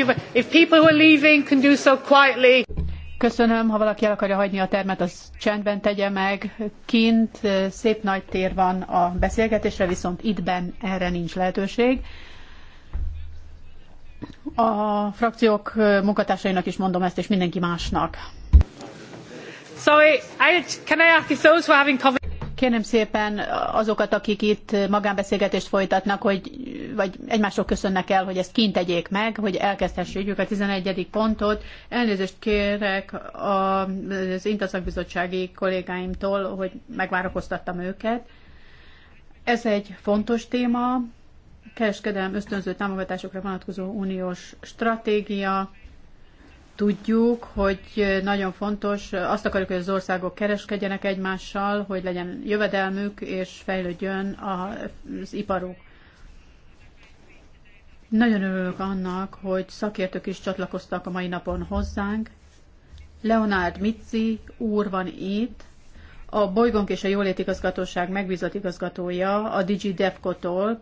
you, if people who are leaving can do so quietly. Köszönöm, ha valaki el akarja hagyni a termet, az csendben tegye meg. Kint szép nagy tér van a beszélgetésre, viszont ittben erre nincs lehetőség. A frakciók munkatársainak is mondom ezt, és mindenki másnak. Sorry, I, can I ask if those who are having COVID Kérem szépen azokat, akik itt magánbeszélgetést folytatnak, hogy, vagy egymásról köszönnek el, hogy ezt kint tegyék meg, hogy elkezdhessük a 11. pontot. Elnézést kérek az Intaszakbizottsági kollégáimtól, hogy megvárakoztattam őket. Ez egy fontos téma, kereskedelem ösztönző támogatásokra vonatkozó uniós stratégia, tudjuk, hogy nagyon fontos, azt akarjuk, hogy az országok kereskedjenek egymással, hogy legyen jövedelmük és fejlődjön az iparuk. Nagyon örülök annak, hogy szakértők is csatlakoztak a mai napon hozzánk. Leonard Mitzi úr van itt, a Bolygónk és a Jólét Igazgatóság megbízott igazgatója a Digi Devco-tól.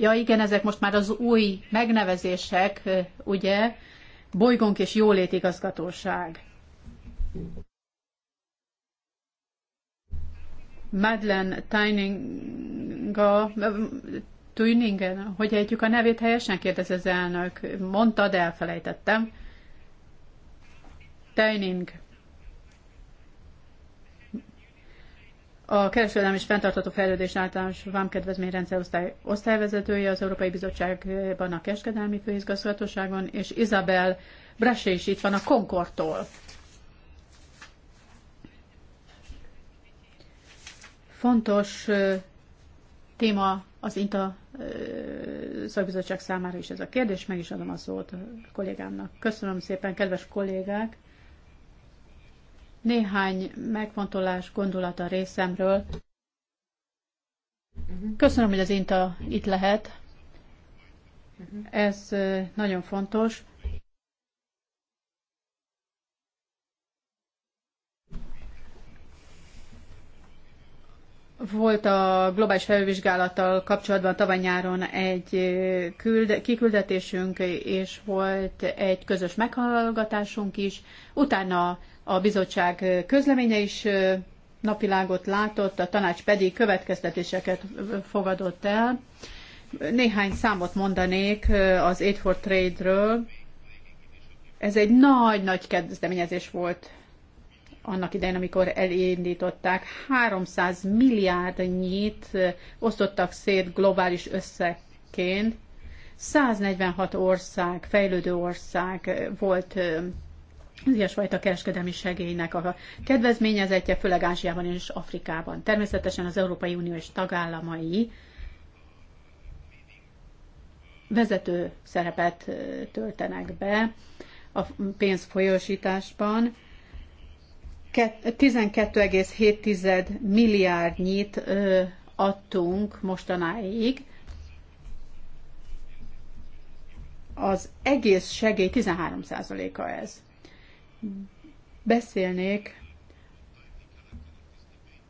Ja igen, ezek most már az új megnevezések, ugye? bolygónk és jólétigazgatóság. Madeleine Tyninga, Tyningen, hogy ejtjük a nevét helyesen, kérdez az elnök. Mondtad, elfelejtettem. Teining A kereskedelmi és fenntartható fejlődés általános vámkedvezményrendszer osztály, osztályvezetője az Európai Bizottságban a kereskedelmi főigazgatóságon, és Isabel Brassé is itt van a Concordtól. Fontos téma az INTA szakbizottság számára is ez a kérdés, meg is adom a szót a kollégámnak. Köszönöm szépen, kedves kollégák! néhány megfontolás gondolata részemről. Köszönöm, hogy az INTA itt lehet. Ez nagyon fontos. Volt a globális felvizsgálattal kapcsolatban tavaly nyáron egy küld, kiküldetésünk, és volt egy közös meghallgatásunk is. Utána a bizottság közleménye is napvilágot látott, a tanács pedig következtetéseket fogadott el. Néhány számot mondanék az Aid for Trade-ről. Ez egy nagy-nagy kezdeményezés volt annak idején, amikor elindították. 300 milliárdnyit osztottak szét globális összegként. 146 ország, fejlődő ország volt az ilyesfajta kereskedelmi segélynek a kedvezményezetje, főleg Ázsiában és Afrikában. Természetesen az Európai Unió és tagállamai vezető szerepet töltenek be a pénz folyósításban. 12,7 milliárdnyit adtunk mostanáig. Az egész segély 13%-a ez beszélnék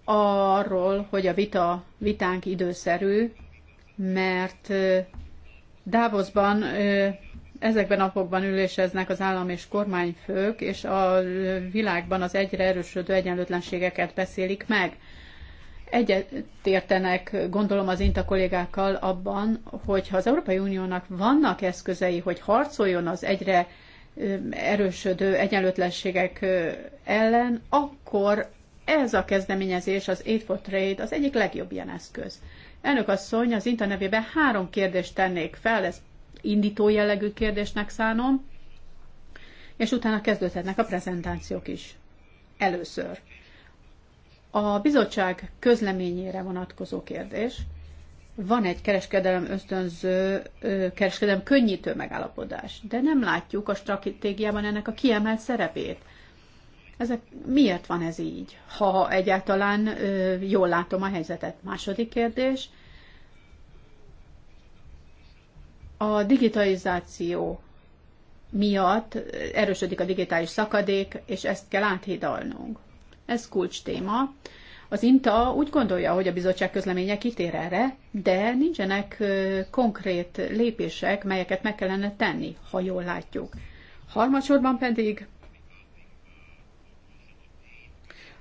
arról, hogy a vita, vitánk időszerű, mert Davosban ezekben a napokban üléseznek az állam és kormányfők, és a világban az egyre erősödő egyenlőtlenségeket beszélik meg. Egyetértenek, gondolom az INTA kollégákkal abban, hogy ha az Európai Uniónak vannak eszközei, hogy harcoljon az egyre erősödő egyenlőtlenségek ellen, akkor ez a kezdeményezés, az Aid for Trade az egyik legjobb ilyen eszköz. Elnök asszony, az Inta nevében három kérdést tennék fel, ez indító jellegű kérdésnek szánom, és utána kezdődhetnek a prezentációk is. Először. A bizottság közleményére vonatkozó kérdés van egy kereskedelem ösztönző, kereskedelem könnyítő megállapodás, de nem látjuk a stratégiában ennek a kiemelt szerepét. Ezek, miért van ez így, ha egyáltalán jól látom a helyzetet? Második kérdés. A digitalizáció miatt erősödik a digitális szakadék, és ezt kell áthidalnunk. Ez kulcs téma. Az INTA úgy gondolja, hogy a bizottság közleménye kitér erre, de nincsenek konkrét lépések, melyeket meg kellene tenni, ha jól látjuk. Harmadsorban pedig,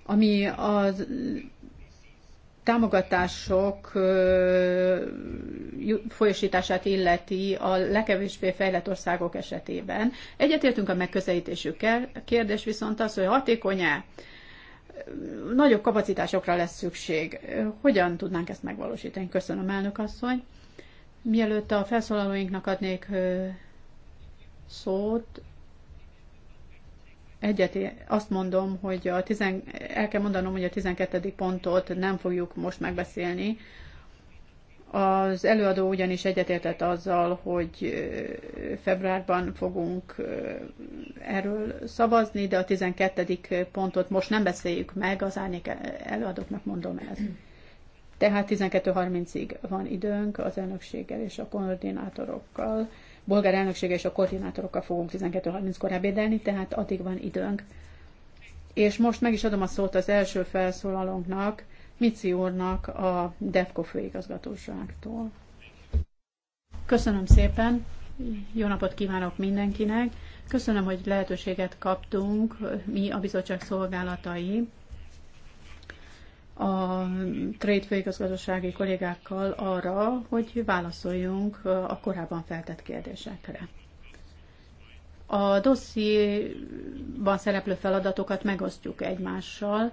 ami a támogatások folyosítását illeti a legkevésbé fejlett országok esetében. Egyetértünk a megközelítésükkel, a kérdés viszont az, hogy hatékony-e nagyobb kapacitásokra lesz szükség. Hogyan tudnánk ezt megvalósítani? Köszönöm, elnök asszony. Mielőtt a felszólalóinknak adnék szót, egyet azt mondom, hogy a tizen, el kell mondanom, hogy a 12. pontot nem fogjuk most megbeszélni, az előadó ugyanis egyetértett azzal, hogy februárban fogunk erről szavazni, de a 12. pontot most nem beszéljük meg, az árnyék előadóknak mondom ezt. Tehát 12.30-ig van időnk az elnökséggel és a koordinátorokkal. Bolgár elnöksége és a koordinátorokkal fogunk 12.30-kor ebédelni, tehát addig van időnk. És most meg is adom a szót az első felszólalónknak, Mici úrnak a DEFCO főigazgatóságtól. Köszönöm szépen, jó napot kívánok mindenkinek. Köszönöm, hogy lehetőséget kaptunk mi a bizottság szolgálatai a Trade főigazgatósági kollégákkal arra, hogy válaszoljunk a korábban feltett kérdésekre. A dossziéban szereplő feladatokat megosztjuk egymással,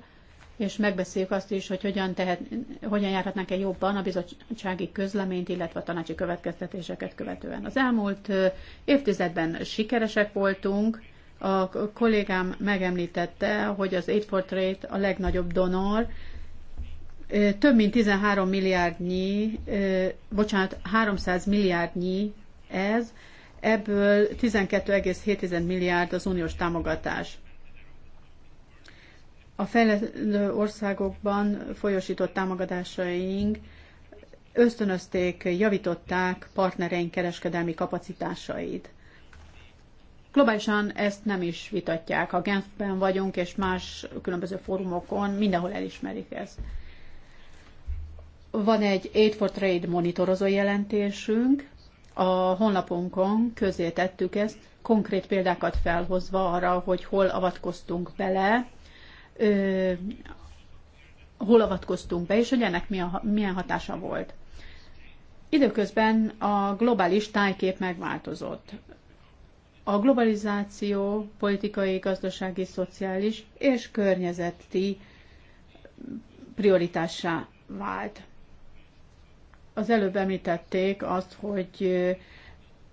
és megbeszéljük azt is, hogy hogyan, tehet, hogyan járhatnánk-e jobban a bizottsági közleményt, illetve a tanácsi következtetéseket követően. Az elmúlt évtizedben sikeresek voltunk, a kollégám megemlítette, hogy az Aid for Trade a legnagyobb donor, több mint 13 milliárdnyi, bocsánat, 300 milliárdnyi ez, ebből 12,7 milliárd az uniós támogatás. A fejlődő országokban folyosított támogatásaink ösztönözték, javították partnereink kereskedelmi kapacitásait. Globálisan ezt nem is vitatják. A Genfben vagyunk, és más különböző fórumokon mindenhol elismerik ezt. Van egy Aid for Trade monitorozó jelentésünk, a honlapunkon közé tettük ezt, konkrét példákat felhozva arra, hogy hol avatkoztunk bele ö, hol avatkoztunk be, és hogy ennek milyen hatása volt. Időközben a globális tájkép megváltozott. A globalizáció politikai, gazdasági, szociális és környezeti prioritássá vált. Az előbb említették azt, hogy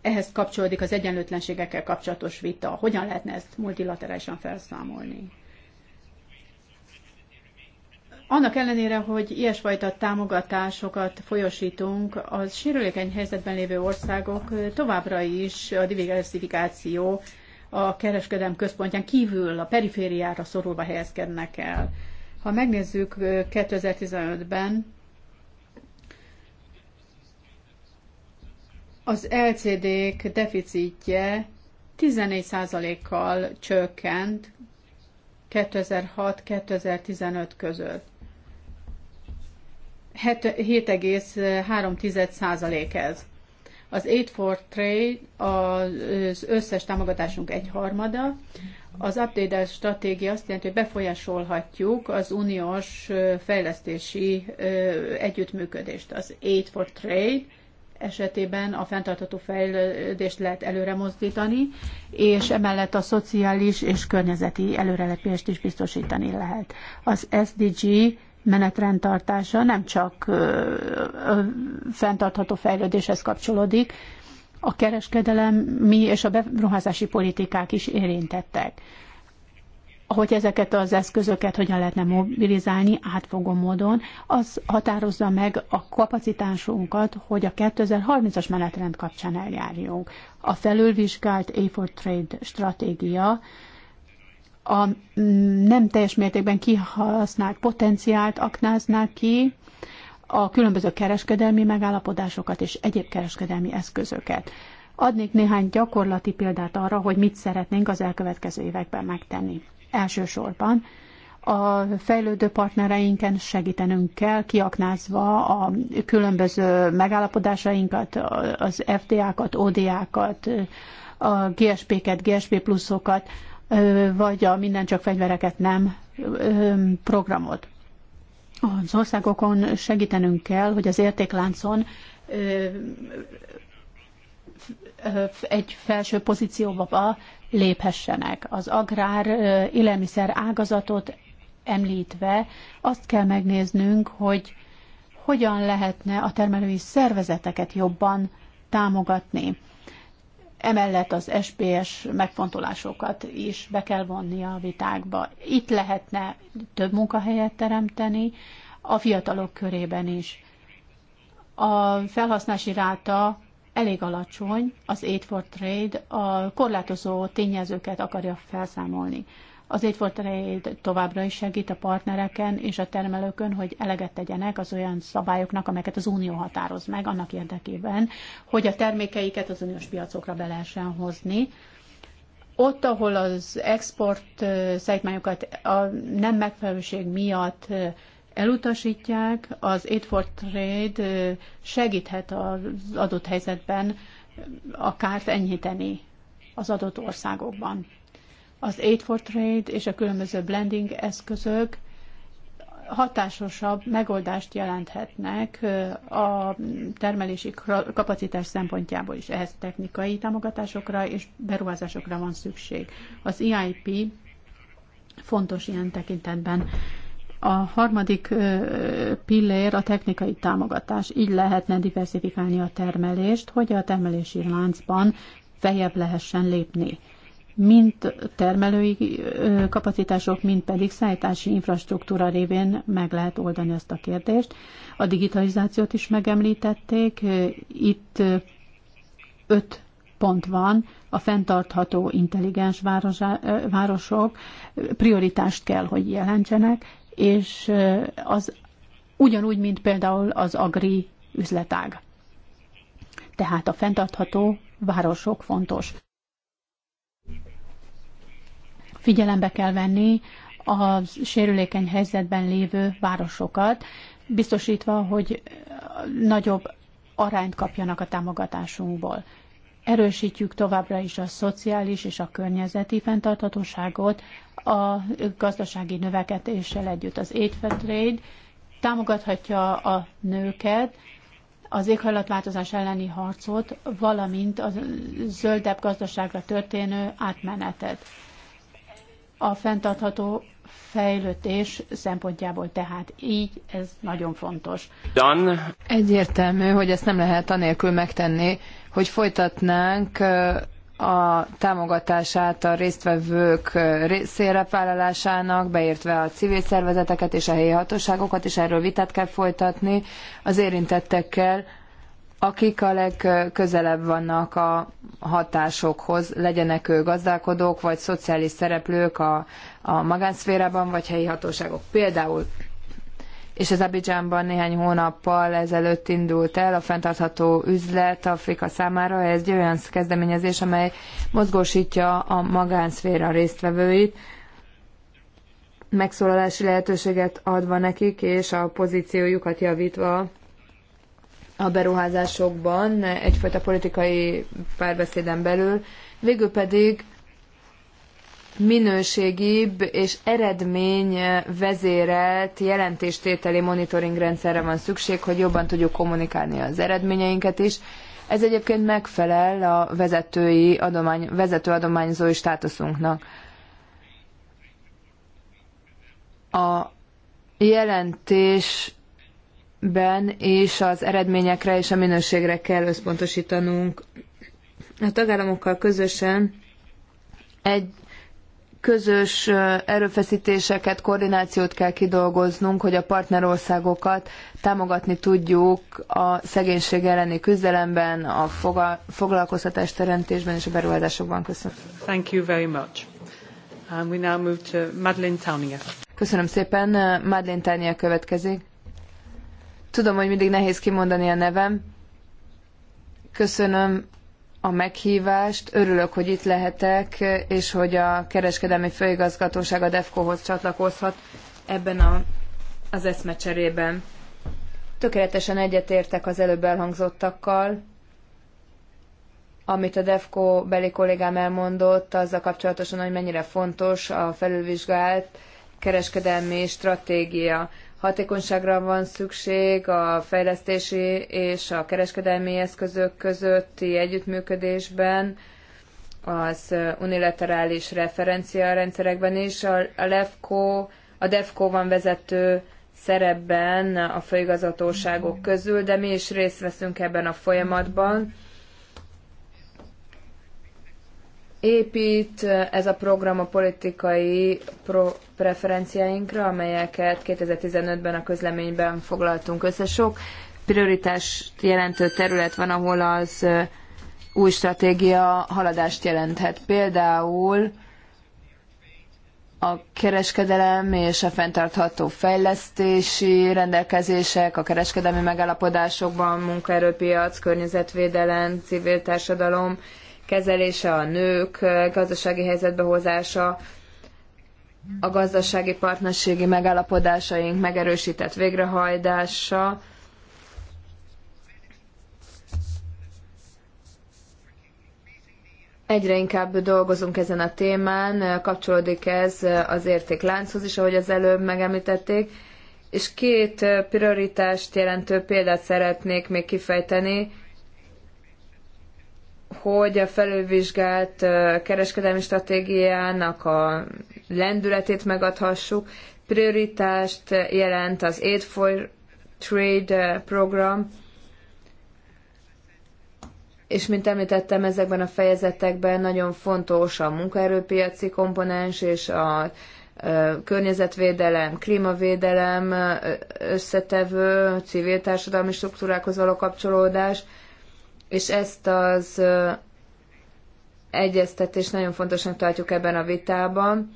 ehhez kapcsolódik az egyenlőtlenségekkel kapcsolatos vita. Hogyan lehetne ezt multilaterálisan felszámolni? Annak ellenére, hogy ilyesfajta támogatásokat folyosítunk, az sérülékeny helyzetben lévő országok továbbra is a diversifikáció a kereskedelm központján kívül a perifériára szorulva helyezkednek el. Ha megnézzük 2015-ben, az LCD-k deficitje 14%-kal csökkent 2006-2015 között. 7,3% ez. Az Aid for Trade az összes támogatásunk egyharmada. Az update stratégia azt jelenti, hogy befolyásolhatjuk az uniós fejlesztési együttműködést. Az Aid for Trade esetében a fenntartható fejlődést lehet előre mozdítani, és emellett a szociális és környezeti előrelepést is biztosítani lehet. Az SDG menetrend tartása nem csak fenntartható fejlődéshez kapcsolódik, a kereskedelem mi és a beruházási politikák is érintettek. Hogy ezeket az eszközöket hogyan lehetne mobilizálni átfogó módon, az határozza meg a kapacitásunkat, hogy a 2030-as menetrend kapcsán eljárjunk. A felülvizsgált A 4 Trade stratégia a mm, nem teljes mértékben kihasznált potenciált aknáznák ki, a különböző kereskedelmi megállapodásokat és egyéb kereskedelmi eszközöket. Adnék néhány gyakorlati példát arra, hogy mit szeretnénk az elkövetkező években megtenni. Elsősorban a fejlődő partnereinken segítenünk kell, kiaknázva a különböző megállapodásainkat, az FDA-kat, ODA-kat, a GSP-ket, GSP pluszokat, vagy a minden csak fegyvereket nem programot. Az országokon segítenünk kell, hogy az értékláncon egy felső pozícióba léphessenek. Az agrár élelmiszer ágazatot említve azt kell megnéznünk, hogy hogyan lehetne a termelői szervezeteket jobban támogatni emellett az SPS megfontolásokat is be kell vonni a vitákba. Itt lehetne több munkahelyet teremteni, a fiatalok körében is. A felhasználási ráta elég alacsony, az Aid for Trade a korlátozó tényezőket akarja felszámolni. Azért volt továbbra is segít a partnereken és a termelőkön, hogy eleget tegyenek az olyan szabályoknak, amelyeket az Unió határoz meg annak érdekében, hogy a termékeiket az uniós piacokra be lehessen hozni. Ott, ahol az export szegmányokat a nem megfelelőség miatt elutasítják, az Aid for Trade segíthet az adott helyzetben a kárt enyhíteni az adott országokban az Aid for Trade és a különböző blending eszközök hatásosabb megoldást jelenthetnek a termelési kapacitás szempontjából is. Ehhez technikai támogatásokra és beruházásokra van szükség. Az EIP fontos ilyen tekintetben. A harmadik pillér a technikai támogatás. Így lehetne diversifikálni a termelést, hogy a termelési láncban fejebb lehessen lépni mint termelői kapacitások, mint pedig szállítási infrastruktúra révén meg lehet oldani ezt a kérdést. A digitalizációt is megemlítették, itt öt pont van, a fenntartható intelligens városok prioritást kell, hogy jelentsenek, és az ugyanúgy, mint például az agri üzletág. Tehát a fenntartható városok fontos. Figyelembe kell venni a sérülékeny helyzetben lévő városokat, biztosítva, hogy nagyobb arányt kapjanak a támogatásunkból. Erősítjük továbbra is a szociális és a környezeti fenntarthatóságot a gazdasági növekedéssel együtt. Az Aid for Trade támogathatja a nőket, az éghajlatváltozás elleni harcot, valamint a zöldebb gazdaságra történő átmenetet a fenntartható fejlődés szempontjából tehát így ez nagyon fontos. Dan. Egyértelmű, hogy ezt nem lehet anélkül megtenni, hogy folytatnánk a támogatását a résztvevők szerepvállalásának, beértve a civil szervezeteket és a helyi hatóságokat, és erről vitát kell folytatni az érintettekkel, akik a legközelebb vannak a hatásokhoz, legyenek ők gazdálkodók, vagy szociális szereplők a, a magánszférában, vagy helyi hatóságok. Például, és ez Abidjánban néhány hónappal ezelőtt indult el a fenntartható üzlet Afrika számára, ez egy olyan kezdeményezés, amely mozgósítja a magánszféra résztvevőit, megszólalási lehetőséget adva nekik, és a pozíciójukat javítva a beruházásokban egyfajta politikai párbeszéden belül, végül pedig minőségibb és eredmény vezérelt jelentéstételi monitoring rendszerre van szükség, hogy jobban tudjuk kommunikálni az eredményeinket is. Ez egyébként megfelel a vezetői adomány, vezető adományzói státuszunknak. A jelentés ben és az eredményekre és a minőségre kell összpontosítanunk. A tagállamokkal közösen egy közös erőfeszítéseket, koordinációt kell kidolgoznunk, hogy a partnerországokat támogatni tudjuk a szegénység elleni küzdelemben, a foglalkoztatás teremtésben és a beruházásokban. Köszönöm. Thank you very much. And um, we now move to Madeleine Tania. Köszönöm szépen. Madeleine Tania következik. Tudom, hogy mindig nehéz kimondani a nevem. Köszönöm a meghívást, örülök, hogy itt lehetek, és hogy a kereskedelmi főigazgatóság a DEFCO-hoz csatlakozhat ebben a, az eszmecserében. Tökéletesen egyetértek az előbb elhangzottakkal, amit a DEFCO beli kollégám elmondott, azzal kapcsolatosan, hogy mennyire fontos a felülvizsgált kereskedelmi stratégia hatékonyságra van szükség a fejlesztési és a kereskedelmi eszközök közötti együttműködésben, az unilaterális referenciarendszerekben is. A, LEFCO, a DEFCO van vezető szerepben a főigazgatóságok közül, de mi is részt veszünk ebben a folyamatban. épít ez a program a politikai pro- preferenciáinkra, amelyeket 2015-ben a közleményben foglaltunk össze. Sok prioritás jelentő terület van, ahol az új stratégia haladást jelenthet. Például a kereskedelem és a fenntartható fejlesztési rendelkezések, a kereskedelmi megállapodásokban, munkaerőpiac, környezetvédelem, civil társadalom, kezelése, a nők gazdasági helyzetbe hozása, a gazdasági partnerségi megállapodásaink megerősített végrehajtása, Egyre inkább dolgozunk ezen a témán, kapcsolódik ez az értéklánchoz is, ahogy az előbb megemlítették, és két prioritást jelentő példát szeretnék még kifejteni hogy a felülvizsgált kereskedelmi stratégiának a lendületét megadhassuk. Prioritást jelent az Aid for Trade program, és mint említettem, ezekben a fejezetekben nagyon fontos a munkaerőpiaci komponens és a környezetvédelem, klímavédelem összetevő, civil társadalmi struktúrákhoz való kapcsolódás – és ezt az egyeztetést nagyon fontosnak tartjuk ebben a vitában.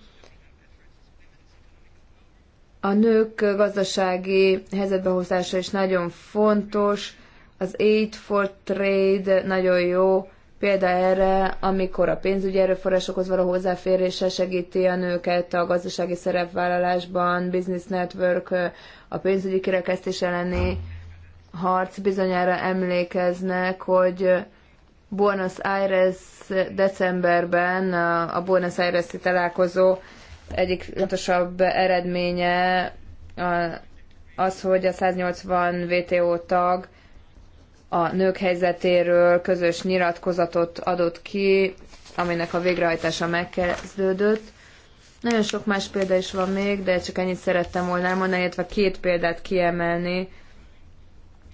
A nők gazdasági helyzetbehozása is nagyon fontos. Az Aid for Trade nagyon jó példa erre, amikor a pénzügyi erőforrásokhoz való hozzáférése segíti a nőket a gazdasági szerepvállalásban, business network, a pénzügyi kirekesztés elleni harc bizonyára emlékeznek, hogy Buenos Aires decemberben a Buenos Aires-i találkozó egyik fontosabb eredménye az, hogy a 180 WTO tag a nők helyzetéről közös nyilatkozatot adott ki, aminek a végrehajtása megkezdődött. Nagyon sok más példa is van még, de csak ennyit szerettem volna elmondani, illetve két példát kiemelni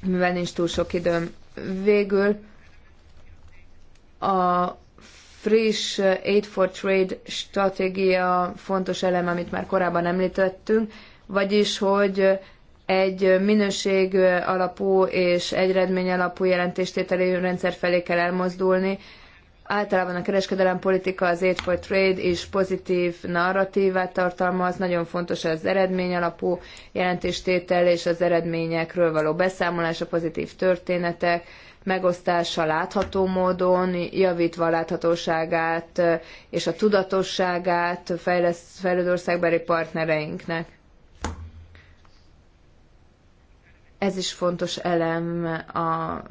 mivel nincs túl sok időm. Végül a friss Aid for Trade stratégia fontos eleme, amit már korábban említettünk, vagyis, hogy egy minőség alapú és egy eredmény alapú jelentéstételi rendszer felé kell elmozdulni, Általában a kereskedelem politika az Aid for Trade is pozitív narratívát tartalmaz, nagyon fontos az eredmény alapú jelentéstétel és az eredményekről való beszámolás, a pozitív történetek, megosztása látható módon, javítva a láthatóságát és a tudatosságát fejlesz, fejlődő országbeli partnereinknek. Ez is fontos elem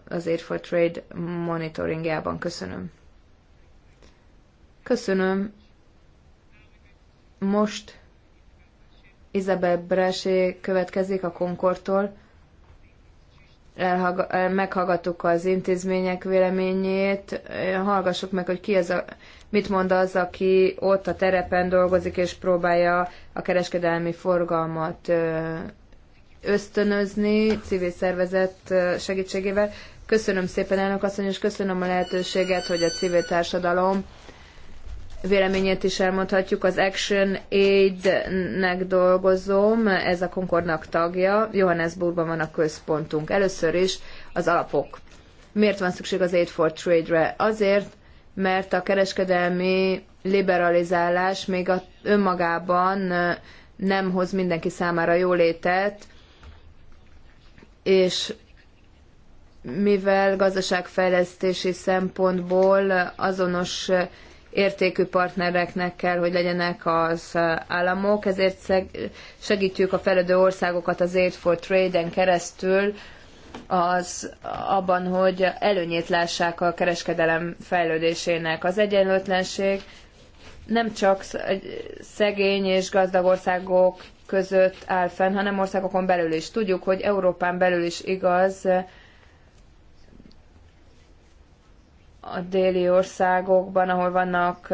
az Aid for Trade monitoringjában. Köszönöm. Köszönöm. Most Isabel Bresé következik a Concordtól. meghallgattuk az intézmények véleményét. Hallgassuk meg, hogy ki ez a, mit mond az, aki ott a terepen dolgozik és próbálja a kereskedelmi forgalmat ösztönözni civil szervezet segítségével. Köszönöm szépen, elnök asszony, és köszönöm a lehetőséget, hogy a civil társadalom véleményét is elmondhatjuk. Az Action Aid-nek dolgozom, ez a Concordnak tagja, Johannesburgban van a központunk. Először is az alapok. Miért van szükség az Aid for Trade-re? Azért, mert a kereskedelmi liberalizálás még a, önmagában nem hoz mindenki számára jólétet, és mivel gazdaságfejlesztési szempontból azonos értékű partnereknek kell, hogy legyenek az államok, ezért segítjük a fejlődő országokat az Aid for Trade-en keresztül, az abban, hogy előnyét lássák a kereskedelem fejlődésének. Az egyenlőtlenség nem csak szegény és gazdag országok között áll fenn, hanem országokon belül is. Tudjuk, hogy Európán belül is igaz a déli országokban, ahol vannak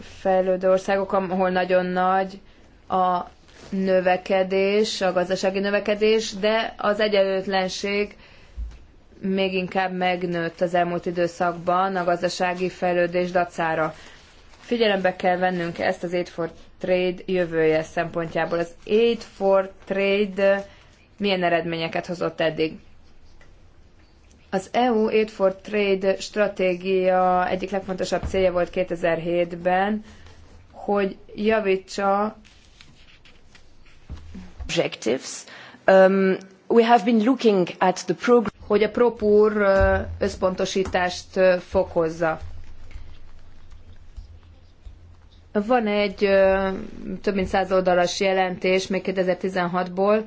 fejlődő országok, ahol nagyon nagy a növekedés, a gazdasági növekedés, de az egyenlőtlenség még inkább megnőtt az elmúlt időszakban a gazdasági fejlődés dacára. Figyelembe kell vennünk ezt az Aid for Trade jövője szempontjából. Az Aid for Trade milyen eredményeket hozott eddig? Az EU Aid for Trade stratégia egyik legfontosabb célja volt 2007-ben, hogy javítsa objectives. Um, we have been looking at the program hogy a propúr uh, összpontosítást uh, fokozza. Van egy uh, több mint száz oldalas jelentés még 2016-ból,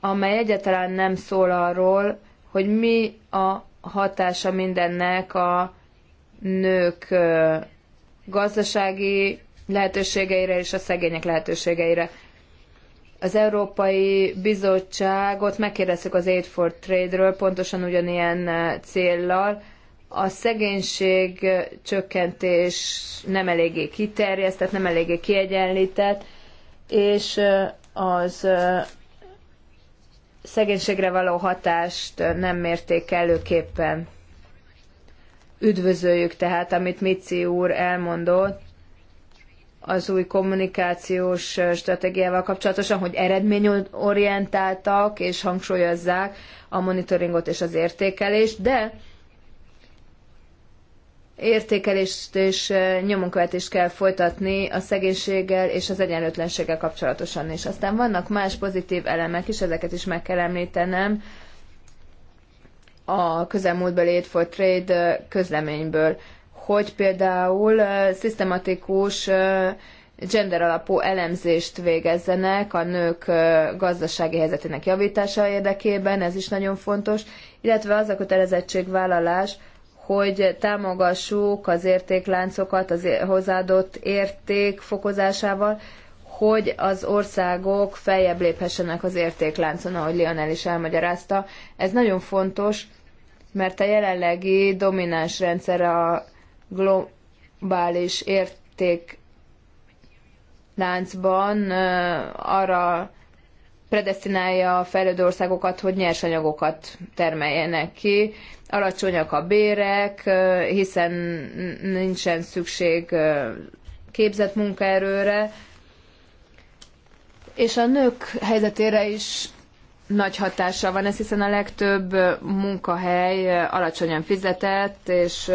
amely egyáltalán nem szól arról, hogy mi a hatása mindennek a nők gazdasági lehetőségeire és a szegények lehetőségeire. Az Európai Bizottságot megkérdeztük az Aid for Trade-ről pontosan ugyanilyen céllal. A szegénység csökkentés nem eléggé kiterjesztett, nem eléggé kiegyenlített, és az szegénységre való hatást nem mérték előképpen. Üdvözöljük tehát, amit Mici úr elmondott az új kommunikációs stratégiával kapcsolatosan, hogy eredményorientáltak és hangsúlyozzák a monitoringot és az értékelést, de értékelést és nyomonkövetést kell folytatni a szegénységgel és az egyenlőtlenséggel kapcsolatosan is. Aztán vannak más pozitív elemek is, ezeket is meg kell említenem a közelmúltbeli Aid for Trade közleményből, hogy például szisztematikus gender alapú elemzést végezzenek a nők gazdasági helyzetének javítása érdekében, ez is nagyon fontos, illetve az a kötelezettségvállalás, vállalás, hogy támogassuk az értékláncokat az hozzáadott érték fokozásával, hogy az országok feljebb léphessenek az értékláncon, ahogy Lionel is elmagyarázta. Ez nagyon fontos, mert a jelenlegi domináns rendszer a globális értékláncban arra predestinálja a fejlődő országokat, hogy nyersanyagokat termeljenek ki. Alacsonyak a bérek, hiszen nincsen szükség képzett munkaerőre, és a nők helyzetére is nagy hatással van ez, hiszen a legtöbb munkahely alacsonyan fizetett, és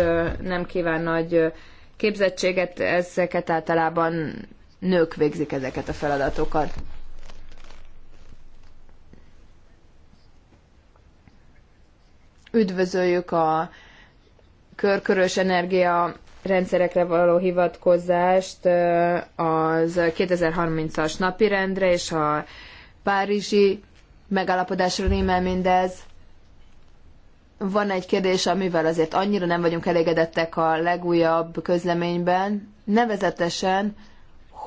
nem kíván nagy képzettséget, ezeket általában nők végzik ezeket a feladatokat. Üdvözöljük a körkörös energia rendszerekre való hivatkozást az 2030-as napirendre és a párizsi megállapodásra rímel mindez. Van egy kérdés, amivel azért annyira nem vagyunk elégedettek a legújabb közleményben, nevezetesen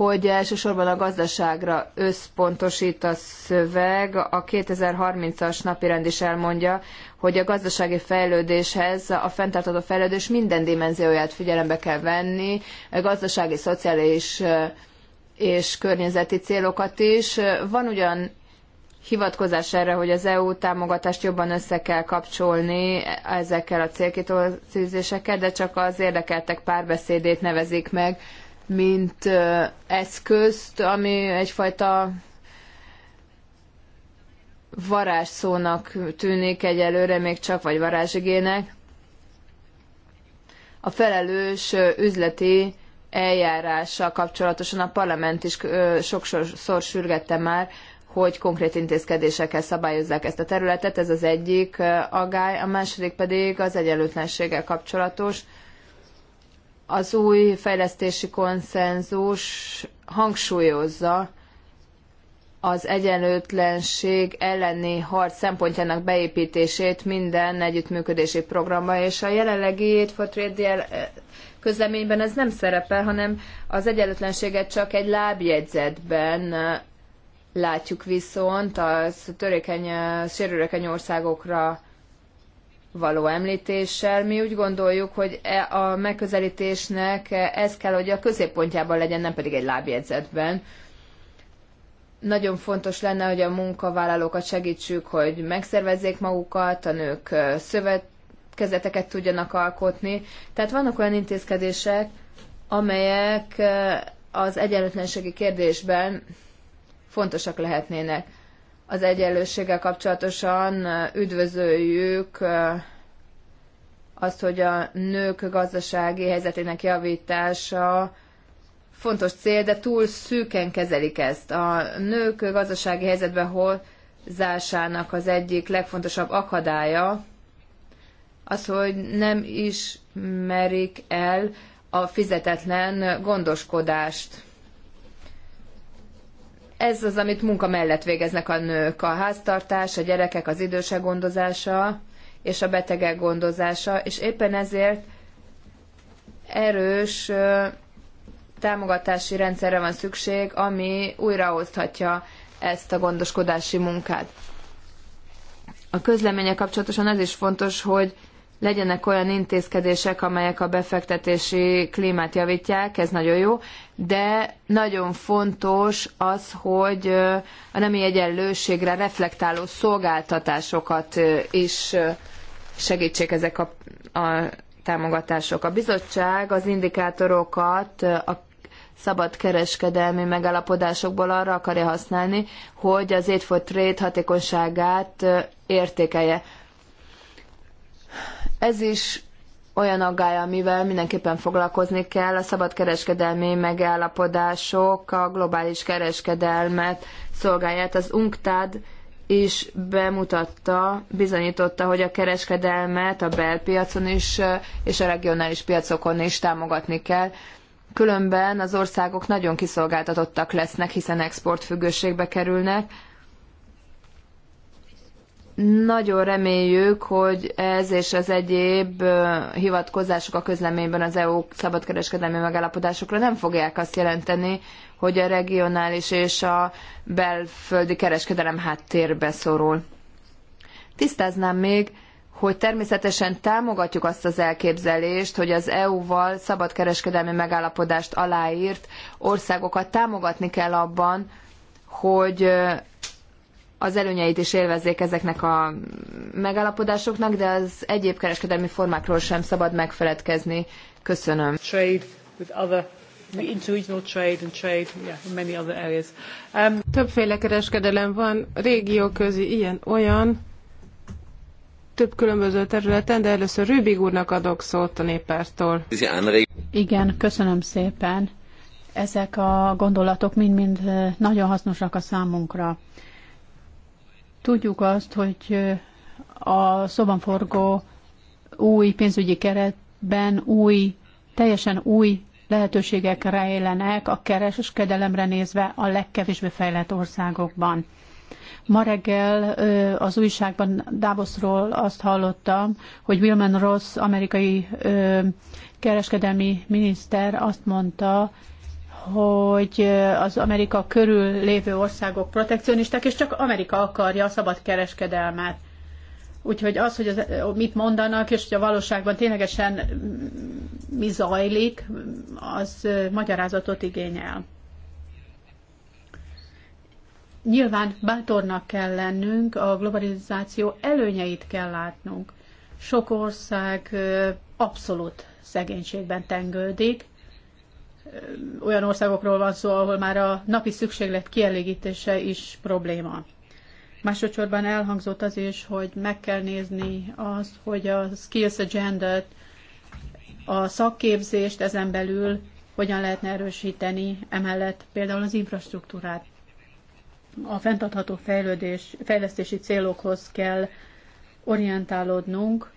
hogy elsősorban a gazdaságra összpontosít a szöveg. A 2030-as napirend is elmondja, hogy a gazdasági fejlődéshez a fenntartható fejlődés minden dimenzióját figyelembe kell venni, a gazdasági, szociális és környezeti célokat is. Van ugyan hivatkozás erre, hogy az EU támogatást jobban össze kell kapcsolni ezekkel a célkitűzésekkel, de csak az érdekeltek párbeszédét nevezik meg mint eszközt, ami egyfajta varázsszónak tűnik egyelőre még csak, vagy varázsigének. A felelős üzleti eljárással kapcsolatosan a parlament is sokszor sürgette már, hogy konkrét intézkedésekkel szabályozzák ezt a területet, ez az egyik agály, a második pedig az egyenlőtlenséggel kapcsolatos. Az új fejlesztési konszenzus hangsúlyozza az egyenlőtlenség elleni harc szempontjának beépítését minden együttműködési programba, és a jelenlegi étfotrédiel eh, közleményben ez nem szerepel, hanem az egyenlőtlenséget csak egy lábjegyzetben eh, látjuk viszont az törékeny, eh, sérülékeny országokra való említéssel. Mi úgy gondoljuk, hogy e a megközelítésnek ez kell, hogy a középpontjában legyen, nem pedig egy lábjegyzetben. Nagyon fontos lenne, hogy a munkavállalókat segítsük, hogy megszervezzék magukat, a nők szövetkezeteket tudjanak alkotni. Tehát vannak olyan intézkedések, amelyek az egyenlőtlenségi kérdésben fontosak lehetnének az egyenlőséggel kapcsolatosan üdvözöljük azt, hogy a nők gazdasági helyzetének javítása fontos cél, de túl szűken kezelik ezt. A nők gazdasági helyzetbe hozásának az egyik legfontosabb akadálya az, hogy nem ismerik el a fizetetlen gondoskodást. Ez az, amit munka mellett végeznek a nők. A háztartás, a gyerekek, az idősek gondozása és a betegek gondozása, és éppen ezért erős támogatási rendszerre van szükség, ami újraoszthatja ezt a gondoskodási munkát. A közleménye kapcsolatosan az is fontos, hogy legyenek olyan intézkedések, amelyek a befektetési klímát javítják, ez nagyon jó, de nagyon fontos az, hogy a nemi egyenlőségre reflektáló szolgáltatásokat is segítsék ezek a, a támogatások. A bizottság az indikátorokat a szabad kereskedelmi megállapodásokból arra akarja használni, hogy az Aid for Trade hatékonyságát értékelje. Ez is olyan aggály, amivel mindenképpen foglalkozni kell. A szabadkereskedelmi megállapodások a globális kereskedelmet szolgálják. Az UNCTAD is bemutatta, bizonyította, hogy a kereskedelmet a belpiacon is és a regionális piacokon is támogatni kell. Különben az országok nagyon kiszolgáltatottak lesznek, hiszen exportfüggőségbe kerülnek nagyon reméljük, hogy ez és az egyéb hivatkozások a közleményben az EU szabadkereskedelmi megállapodásokra nem fogják azt jelenteni, hogy a regionális és a belföldi kereskedelem háttérbe szorul. Tisztáznám még, hogy természetesen támogatjuk azt az elképzelést, hogy az EU-val szabadkereskedelmi megállapodást aláírt országokat támogatni kell abban, hogy az előnyeit is élvezzék ezeknek a megállapodásoknak, de az egyéb kereskedelmi formákról sem szabad megfeledkezni. Köszönöm. Trade with other trade and trade yeah, many other areas. Um, Többféle kereskedelem van, régióközi, ilyen, olyan, több különböző területen, de először Rübig úrnak adok szót a néppártól. Igen, köszönöm szépen. Ezek a gondolatok mind-mind eh, nagyon hasznosak a számunkra. Tudjuk azt, hogy a szobanforgó új pénzügyi keretben új, teljesen új lehetőségek rejlenek a kereskedelemre nézve a legkevésbé fejlett országokban. Ma reggel az újságban Davosról azt hallottam, hogy Wilman Ross, amerikai kereskedelmi miniszter azt mondta, hogy az Amerika körül lévő országok protekcionisták, és csak Amerika akarja a szabad kereskedelmet. Úgyhogy az, hogy az, mit mondanak, és hogy a valóságban ténylegesen mm, mi zajlik, az magyarázatot igényel. Nyilván bátornak kell lennünk, a globalizáció előnyeit kell látnunk. Sok ország abszolút szegénységben tengődik, olyan országokról van szó, ahol már a napi szükséglet kielégítése is probléma. Másodszorban elhangzott az is, hogy meg kell nézni azt, hogy a skills agenda a szakképzést ezen belül hogyan lehetne erősíteni, emellett például az infrastruktúrát. A fenntartható fejlődés, fejlesztési célokhoz kell orientálódnunk.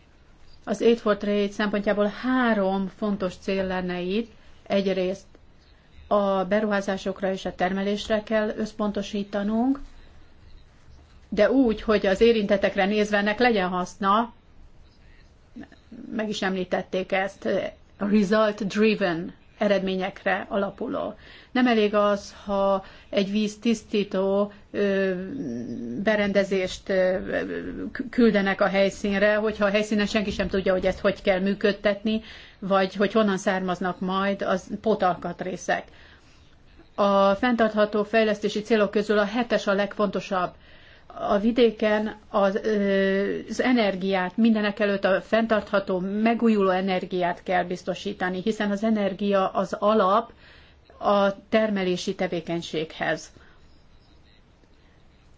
Az 8 for Trade szempontjából három fontos cél lenne itt, Egyrészt a beruházásokra és a termelésre kell összpontosítanunk, de úgy, hogy az érintetekre nézve ennek legyen haszna, meg is említették ezt, result driven eredményekre alapuló. Nem elég az, ha egy víz tisztító berendezést küldenek a helyszínre, hogyha a helyszínen senki sem tudja, hogy ezt hogy kell működtetni, vagy hogy honnan származnak majd az részek. A fenntartható fejlesztési célok közül a hetes a legfontosabb – a vidéken az, az energiát, mindenek előtt a fenntartható, megújuló energiát kell biztosítani, hiszen az energia az alap a termelési tevékenységhez.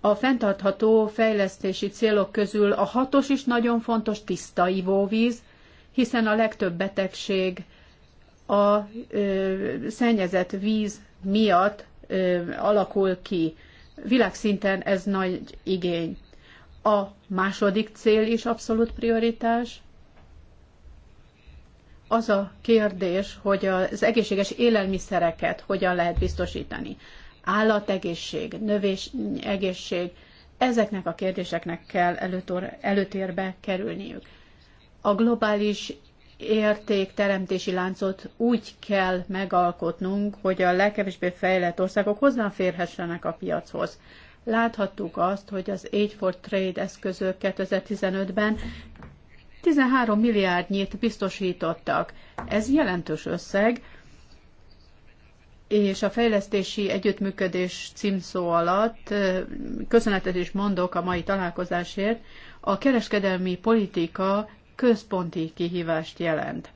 A fenntartható fejlesztési célok közül a hatos is nagyon fontos, tiszta ivóvíz, hiszen a legtöbb betegség a ö, szennyezett víz miatt ö, alakul ki Világszinten ez nagy igény. A második cél is abszolút prioritás. Az a kérdés, hogy az egészséges élelmiszereket hogyan lehet biztosítani. Állategészség, növényegészség, ezeknek a kérdéseknek kell előtérbe kerülniük. A globális értékteremtési láncot úgy kell megalkotnunk, hogy a legkevésbé fejlett országok hozzáférhessenek a piachoz. Láthattuk azt, hogy az Age for Trade eszközök 2015-ben 13 milliárdnyit biztosítottak. Ez jelentős összeg, és a fejlesztési együttműködés címszó alatt köszönetet is mondok a mai találkozásért. A kereskedelmi politika központi kihívást jelent.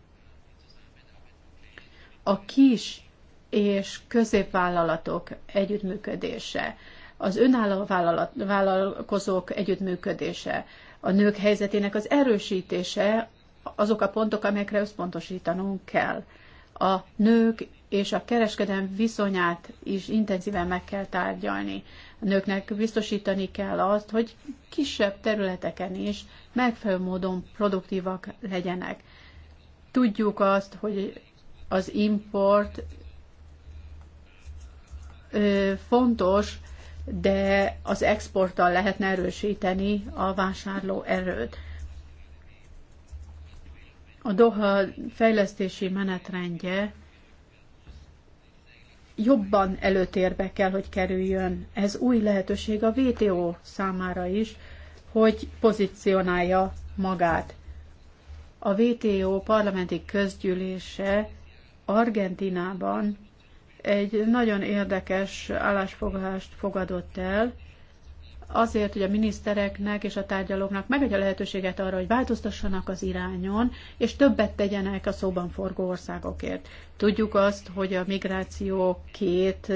A kis és középvállalatok együttműködése, az önálló vállalkozók együttműködése, a nők helyzetének az erősítése azok a pontok, amelyekre összpontosítanunk kell. A nők és a kereskedelem viszonyát is intenzíven meg kell tárgyalni nőknek biztosítani kell azt, hogy kisebb területeken is megfelelő módon produktívak legyenek. Tudjuk azt, hogy az import fontos, de az exporttal lehetne erősíteni a vásárló erőt. A Doha fejlesztési menetrendje jobban előtérbe kell, hogy kerüljön. Ez új lehetőség a VTO számára is, hogy pozícionálja magát. A VTO parlamenti közgyűlése Argentinában egy nagyon érdekes állásfoglalást fogadott el, azért, hogy a minisztereknek és a tárgyalóknak megadja lehetőséget arra, hogy változtassanak az irányon, és többet tegyenek a szóban forgó országokért. Tudjuk azt, hogy a migráció két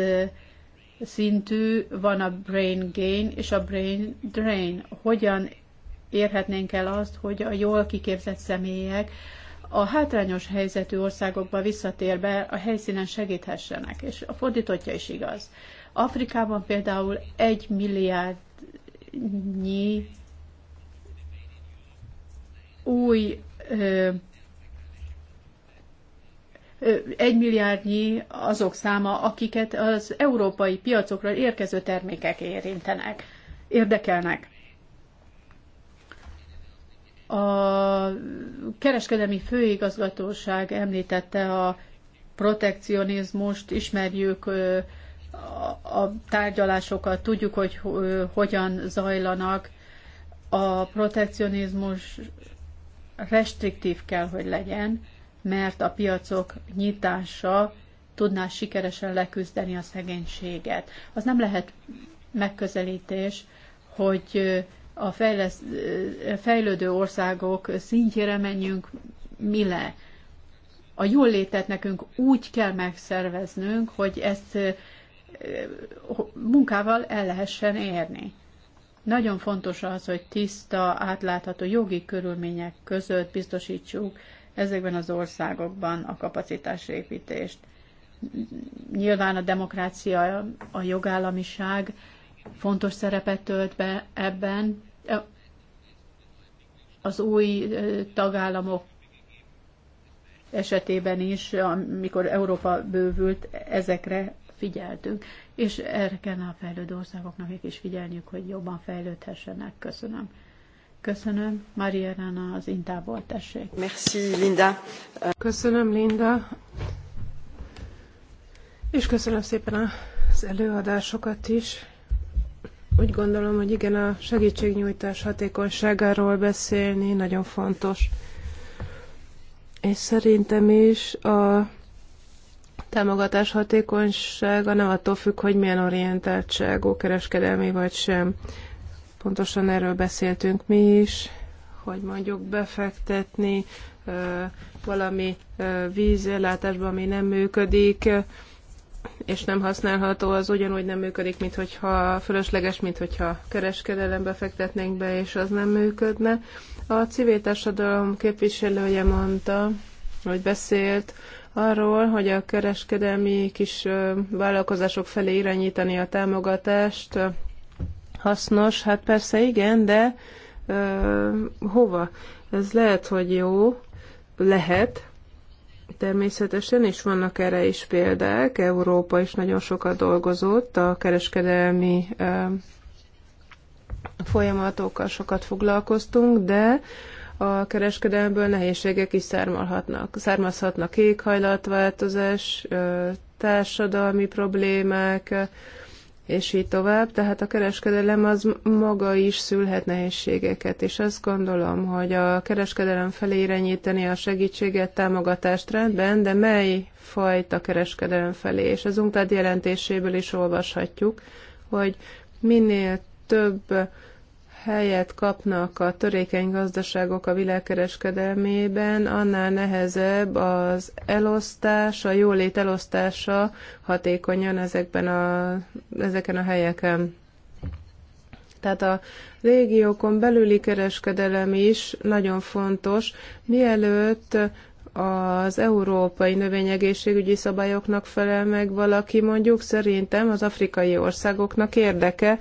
szintű, van a brain gain és a brain drain. Hogyan érhetnénk el azt, hogy a jól kiképzett személyek a hátrányos helyzetű országokba visszatérve a helyszínen segíthessenek, és a fordítottja is igaz. Afrikában például egy milliárdnyi új egy milliárdnyi azok száma, akiket az európai piacokra érkező termékek érintenek, érdekelnek. A kereskedelmi főigazgatóság említette a protekcionizmust, ismerjük a tárgyalásokat, tudjuk, hogy hogyan zajlanak. A protekcionizmus restriktív kell, hogy legyen, mert a piacok nyitása tudná sikeresen leküzdeni a szegénységet. Az nem lehet megközelítés, hogy a fejlesz, fejlődő országok szintjére menjünk mi le. A jól létet nekünk úgy kell megszerveznünk, hogy ezt munkával el lehessen érni. Nagyon fontos az, hogy tiszta, átlátható jogi körülmények között biztosítsuk ezekben az országokban a kapacitásépítést. Nyilván a demokrácia, a jogállamiság fontos szerepet tölt be ebben. Az új tagállamok esetében is, amikor Európa bővült, ezekre figyeltünk, és erre kellene a fejlődő országoknak is figyelniük, hogy jobban fejlődhessenek. Köszönöm. Köszönöm. Maria Rana az Intából, tessék. Merci, Linda. Köszönöm, Linda. És köszönöm szépen az előadásokat is. Úgy gondolom, hogy igen, a segítségnyújtás hatékonyságáról beszélni nagyon fontos. És szerintem is a támogatás hatékonysága nem attól függ, hogy milyen orientáltságú kereskedelmi vagy sem. Pontosan erről beszéltünk mi is, hogy mondjuk befektetni valami vízellátásba, ami nem működik, és nem használható, az ugyanúgy nem működik, mint hogyha fölösleges, mint hogyha kereskedelembe fektetnénk be, és az nem működne. A civil társadalom képviselője mondta, hogy beszélt arról, hogy a kereskedelmi kis vállalkozások felé irányítani a támogatást hasznos. Hát persze igen, de ö, hova? Ez lehet, hogy jó, lehet, Természetesen is vannak erre is példák. Európa is nagyon sokat dolgozott a kereskedelmi folyamatokkal sokat foglalkoztunk, de a kereskedelmből nehézségek is származhatnak. Származhatnak éghajlatváltozás, társadalmi problémák, és így tovább. Tehát a kereskedelem az maga is szülhet nehézségeket, és azt gondolom, hogy a kereskedelem felé irányítani a segítséget, támogatást rendben, de mely fajta kereskedelem felé? És az UNCTAD jelentéséből is olvashatjuk, hogy minél több helyet kapnak a törékeny gazdaságok a világkereskedelmében, annál nehezebb az elosztás, a jólét elosztása hatékonyan ezekben a, ezeken a helyeken. Tehát a régiókon belüli kereskedelem is nagyon fontos, mielőtt az európai növényegészségügyi szabályoknak felel meg valaki, mondjuk szerintem az afrikai országoknak érdeke,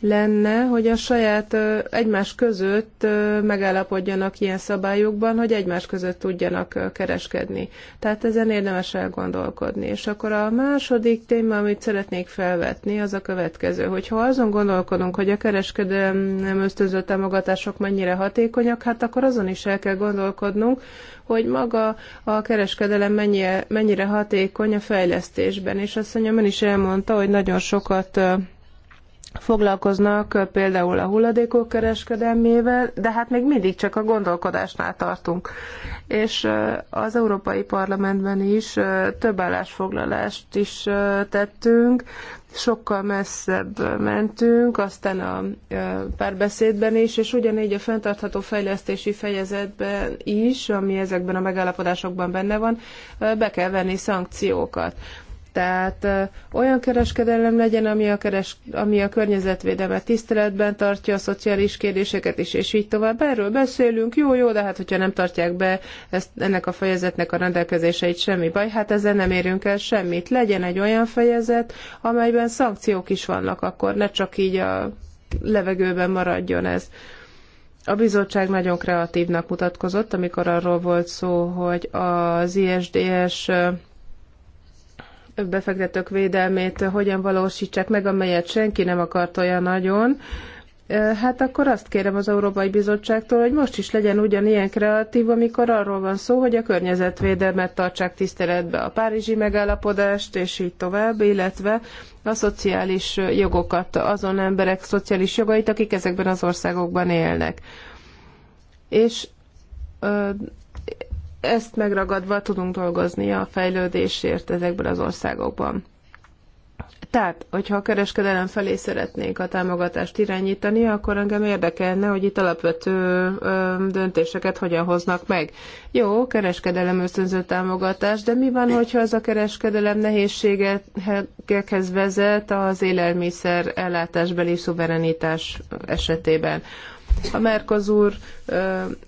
lenne, hogy a saját egymás között megállapodjanak ilyen szabályokban, hogy egymás között tudjanak kereskedni. Tehát ezen érdemes elgondolkodni. És akkor a második téma, amit szeretnék felvetni, az a következő, hogy ha azon gondolkodunk, hogy a kereskedelem ösztönző támogatások mennyire hatékonyak, hát akkor azon is el kell gondolkodnunk, hogy maga a kereskedelem mennyire, mennyire hatékony a fejlesztésben. És azt mondja, ön is elmondta, hogy nagyon sokat foglalkoznak például a hulladékok kereskedelmével, de hát még mindig csak a gondolkodásnál tartunk. És az Európai Parlamentben is több állásfoglalást is tettünk, sokkal messzebb mentünk, aztán a párbeszédben is, és ugyanígy a fenntartható fejlesztési fejezetben is, ami ezekben a megállapodásokban benne van, be kell venni szankciókat. Tehát olyan kereskedelem legyen, ami a, keres, ami a környezetvédelmet tiszteletben tartja, a szociális kérdéseket is, és így tovább. Erről beszélünk, jó, jó, de hát hogyha nem tartják be ezt, ennek a fejezetnek a rendelkezéseit, semmi baj, hát ezzel nem érünk el semmit. Legyen egy olyan fejezet, amelyben szankciók is vannak akkor, ne csak így a levegőben maradjon ez. A bizottság nagyon kreatívnak mutatkozott, amikor arról volt szó, hogy az ISDS befektetők védelmét hogyan valósítsák meg, amelyet senki nem akart olyan nagyon, Hát akkor azt kérem az Európai Bizottságtól, hogy most is legyen ugyanilyen kreatív, amikor arról van szó, hogy a környezetvédelmet tartsák tiszteletbe, a párizsi megállapodást, és így tovább, illetve a szociális jogokat, azon emberek szociális jogait, akik ezekben az országokban élnek. És ezt megragadva tudunk dolgozni a fejlődésért ezekben az országokban. Tehát, hogyha a kereskedelem felé szeretnénk a támogatást irányítani, akkor engem érdekelne, hogy itt alapvető ö, döntéseket hogyan hoznak meg. Jó, kereskedelem ösztönző támogatás, de mi van, hogyha az a kereskedelem nehézségekhez vezet az élelmiszer ellátásbeli szuverenitás esetében? A Mercosur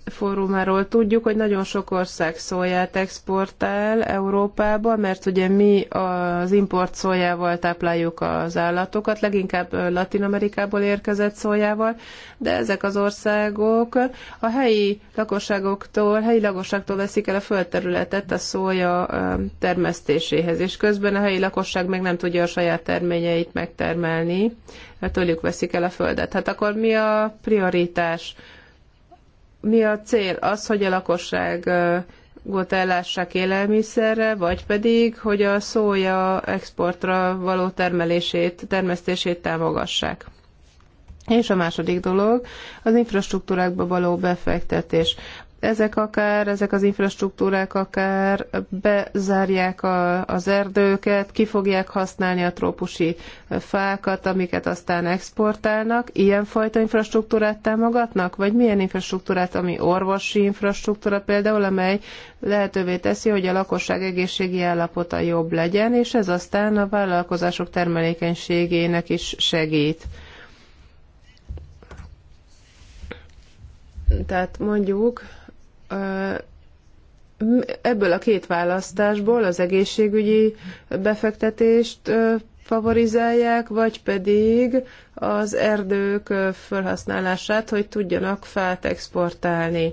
fórumáról tudjuk, hogy nagyon sok ország szóját exportál Európába, mert ugye mi az import szójával tápláljuk az állatokat, leginkább Latin Amerikából érkezett szójával, de ezek az országok a helyi lakosságoktól, helyi lakosságtól veszik el a földterületet a szója termesztéséhez, és közben a helyi lakosság meg nem tudja a saját terményeit megtermelni, mert tőlük veszik el a földet. Hát akkor mi a prioritás? Mi a cél? Az, hogy a lakosság ott ellássák élelmiszerre, vagy pedig, hogy a szója exportra való termelését, termesztését támogassák. És a második dolog, az infrastruktúrákba való befektetés ezek akár, ezek az infrastruktúrák akár bezárják a, az erdőket, ki fogják használni a trópusi fákat, amiket aztán exportálnak. Ilyen fajta infrastruktúrát támogatnak? Vagy milyen infrastruktúrát, ami orvosi infrastruktúra például, amely lehetővé teszi, hogy a lakosság egészségi állapota jobb legyen, és ez aztán a vállalkozások termelékenységének is segít. Tehát mondjuk ebből a két választásból az egészségügyi befektetést favorizálják, vagy pedig az erdők felhasználását, hogy tudjanak fát exportálni.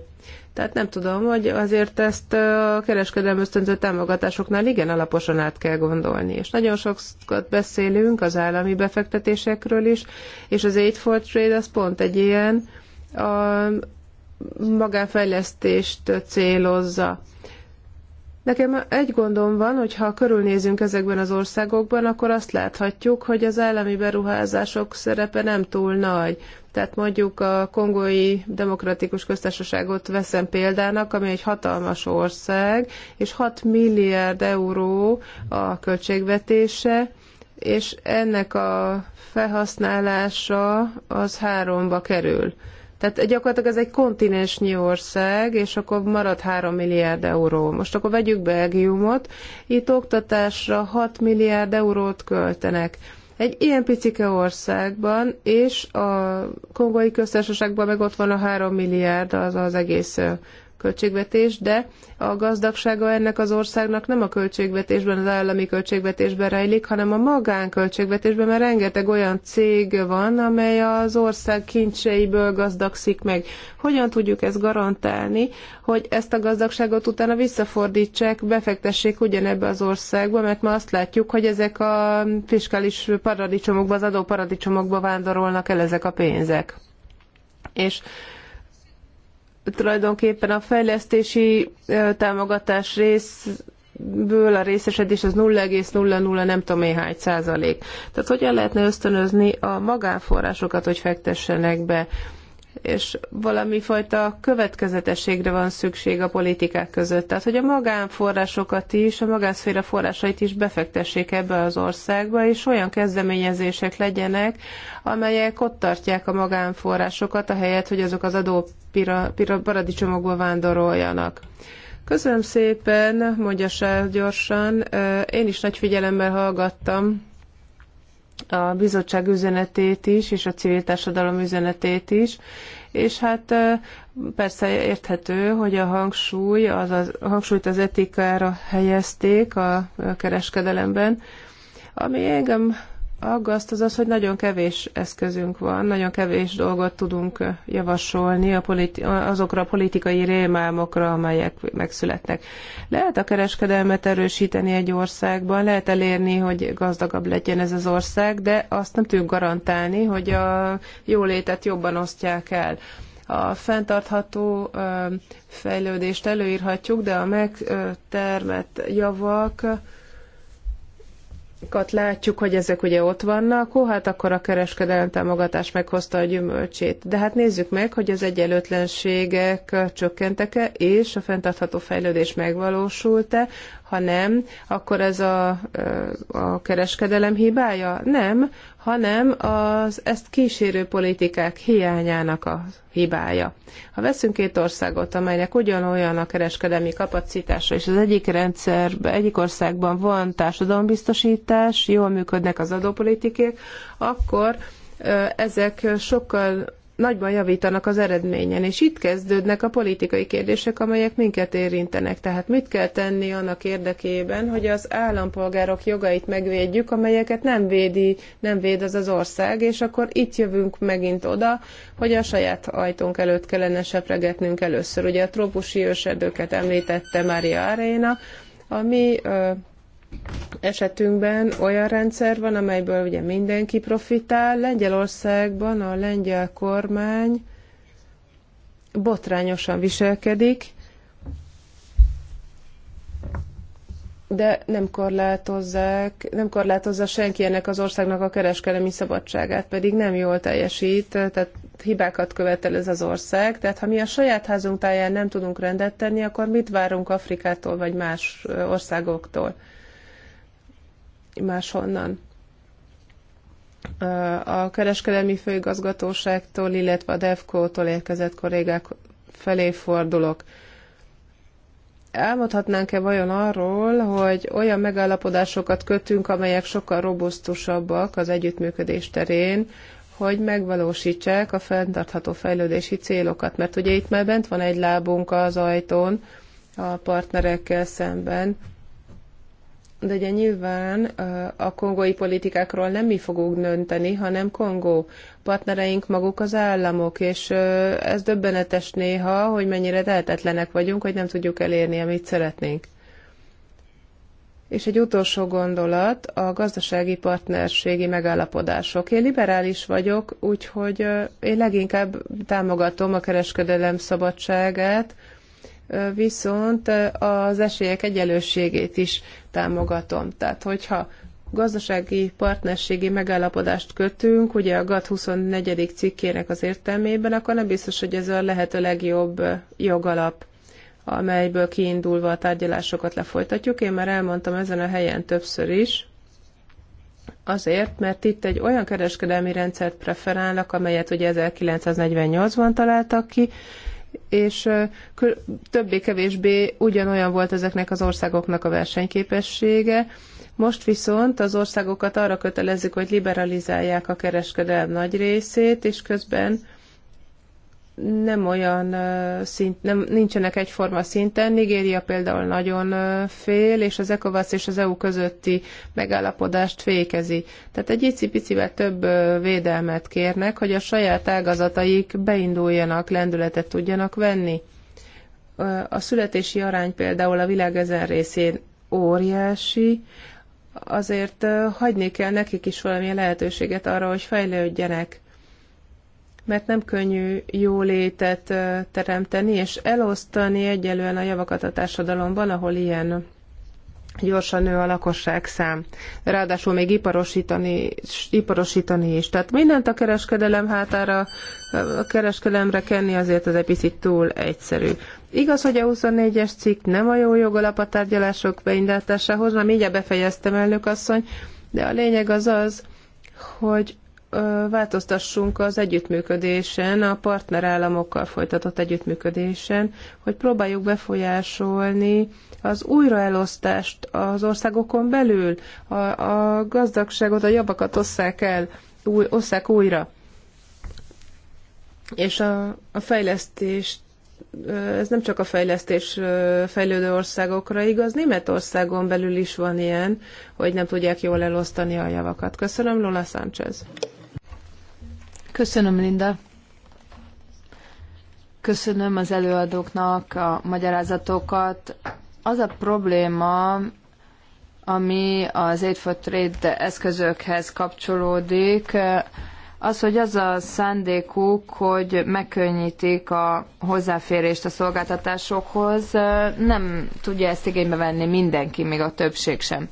Tehát nem tudom, hogy azért ezt a kereskedelmi ösztönző támogatásoknál igen alaposan át kell gondolni. És nagyon sokat beszélünk az állami befektetésekről is, és az Aid for Trade az pont egy ilyen, a, magánfejlesztést célozza. Nekem egy gondom van, hogy ha körülnézünk ezekben az országokban, akkor azt láthatjuk, hogy az állami beruházások szerepe nem túl nagy. Tehát mondjuk a kongói demokratikus köztársaságot veszem példának, ami egy hatalmas ország, és 6 milliárd euró a költségvetése, és ennek a felhasználása az háromba kerül. Tehát gyakorlatilag ez egy kontinensnyi ország, és akkor marad 3 milliárd euró. Most akkor vegyük Belgiumot, itt oktatásra 6 milliárd eurót költenek. Egy ilyen picike országban, és a kongói köztársaságban meg ott van a 3 milliárd, az az egész költségvetés, de a gazdagsága ennek az országnak nem a költségvetésben, az állami költségvetésben rejlik, hanem a magánköltségvetésben, mert rengeteg olyan cég van, amely az ország kincseiből gazdagszik meg. Hogyan tudjuk ezt garantálni, hogy ezt a gazdagságot utána visszafordítsák, befektessék ugyanebbe az országba, mert ma azt látjuk, hogy ezek a fiskális paradicsomokba, az adóparadicsomokba vándorolnak el ezek a pénzek. És tulajdonképpen a fejlesztési támogatás részből a részesedés az 0,00 nem tudom én hány százalék. Tehát hogyan lehetne ösztönözni a magánforrásokat, hogy fektessenek be és valami fajta következetességre van szükség a politikák között. Tehát, hogy a magánforrásokat is, a magánszféra forrásait is befektessék ebbe az országba, és olyan kezdeményezések legyenek, amelyek ott tartják a magánforrásokat, ahelyett, hogy azok az adó paradicsomokba vándoroljanak. Köszönöm szépen, mondja se gyorsan. Én is nagy figyelemmel hallgattam a bizottság üzenetét is, és a civil társadalom üzenetét is, és hát persze érthető, hogy a hangsúly, az, az, a hangsúlyt az etikára helyezték a kereskedelemben, ami engem aggaszt az az, hogy nagyon kevés eszközünk van, nagyon kevés dolgot tudunk javasolni a politi- azokra a politikai rémálmokra, amelyek megszületnek. Lehet a kereskedelmet erősíteni egy országban, lehet elérni, hogy gazdagabb legyen ez az ország, de azt nem tudjuk garantálni, hogy a jólétet jobban osztják el a fenntartható fejlődést előírhatjuk, de a megtermett javak látjuk, hogy ezek ugye ott vannak, ó, hát akkor a kereskedelem támogatás meghozta a gyümölcsét. De hát nézzük meg, hogy az egyenlőtlenségek csökkentek-e, és a fenntartható fejlődés megvalósult-e, ha nem, akkor ez a, a kereskedelem hibája? Nem, hanem az ezt kísérő politikák hiányának a hibája. Ha veszünk két országot, amelynek ugyanolyan a kereskedelmi kapacitása, és az egyik rendszerben, egyik országban van társadalombiztosítás, jól működnek az adópolitikák, akkor ezek sokkal nagyban javítanak az eredményen, és itt kezdődnek a politikai kérdések, amelyek minket érintenek. Tehát mit kell tenni annak érdekében, hogy az állampolgárok jogait megvédjük, amelyeket nem védi, nem véd az az ország, és akkor itt jövünk megint oda, hogy a saját ajtónk előtt kellene sepregetnünk először. Ugye a trópusi ősedőket említette Mária Aréna, ami esetünkben olyan rendszer van, amelyből ugye mindenki profitál. Lengyelországban a lengyel kormány botrányosan viselkedik, de nem korlátozzák, nem korlátozza senki ennek az országnak a kereskedelmi szabadságát, pedig nem jól teljesít, tehát hibákat követel ez az ország, tehát ha mi a saját házunk táján nem tudunk rendet tenni, akkor mit várunk Afrikától vagy más országoktól? máshonnan a kereskedelmi főigazgatóságtól, illetve a DEFCO-tól érkezett kollégák felé fordulok. Elmondhatnánk-e vajon arról, hogy olyan megállapodásokat kötünk, amelyek sokkal robusztusabbak az együttműködés terén, hogy megvalósítsák a fenntartható fejlődési célokat? Mert ugye itt már bent van egy lábunk az ajtón a partnerekkel szemben, de ugye nyilván a kongói politikákról nem mi fogunk dönteni, hanem Kongó. Partnereink maguk az államok, és ez döbbenetes néha, hogy mennyire tehetetlenek vagyunk, hogy nem tudjuk elérni, amit szeretnénk. És egy utolsó gondolat, a gazdasági partnerségi megállapodások. Én liberális vagyok, úgyhogy én leginkább támogatom a kereskedelem szabadságát, viszont az esélyek egyenlőségét is támogatom. Tehát, hogyha gazdasági partnerségi megállapodást kötünk, ugye a GATT 24. cikkének az értelmében, akkor nem biztos, hogy ez a lehető legjobb jogalap, amelyből kiindulva a tárgyalásokat lefolytatjuk. Én már elmondtam ezen a helyen többször is, Azért, mert itt egy olyan kereskedelmi rendszert preferálnak, amelyet ugye 1948-ban találtak ki, és többé-kevésbé ugyanolyan volt ezeknek az országoknak a versenyképessége. Most viszont az országokat arra kötelezik, hogy liberalizálják a kereskedelem nagy részét, és közben nem olyan szint, nem, nincsenek egyforma szinten. Nigéria például nagyon fél, és az ECOWAS és az EU közötti megállapodást fékezi. Tehát egy icipicivel több védelmet kérnek, hogy a saját ágazataik beinduljanak, lendületet tudjanak venni. A születési arány például a világ ezen részén óriási, azért hagyni kell nekik is valamilyen lehetőséget arra, hogy fejlődjenek mert nem könnyű jólétet teremteni, és elosztani egyelően a javakat a társadalomban, ahol ilyen gyorsan nő a lakosság szám. Ráadásul még iparosítani, iparosítani is. Tehát mindent a kereskedelem hátára, a kereskedelemre kenni azért az egy picit túl egyszerű. Igaz, hogy a 24-es cikk nem a jó jogalap a tárgyalások beindításához, már mindjárt befejeztem, elnök asszony, de a lényeg az az, hogy változtassunk az együttműködésen, a partnerállamokkal folytatott együttműködésen, hogy próbáljuk befolyásolni az újraelosztást az országokon belül, a, a gazdagságot, a jobbakat osszák el, új, osszák újra. És a, a fejlesztést ez nem csak a fejlesztés fejlődő országokra igaz, Németországon belül is van ilyen, hogy nem tudják jól elosztani a javakat. Köszönöm, Lola Sánchez. Köszönöm, Linda. Köszönöm az előadóknak a magyarázatokat. Az a probléma, ami az Aid for Trade eszközökhez kapcsolódik, az, hogy az a szándékuk, hogy megkönnyítik a hozzáférést a szolgáltatásokhoz, nem tudja ezt igénybe venni mindenki, még a többség sem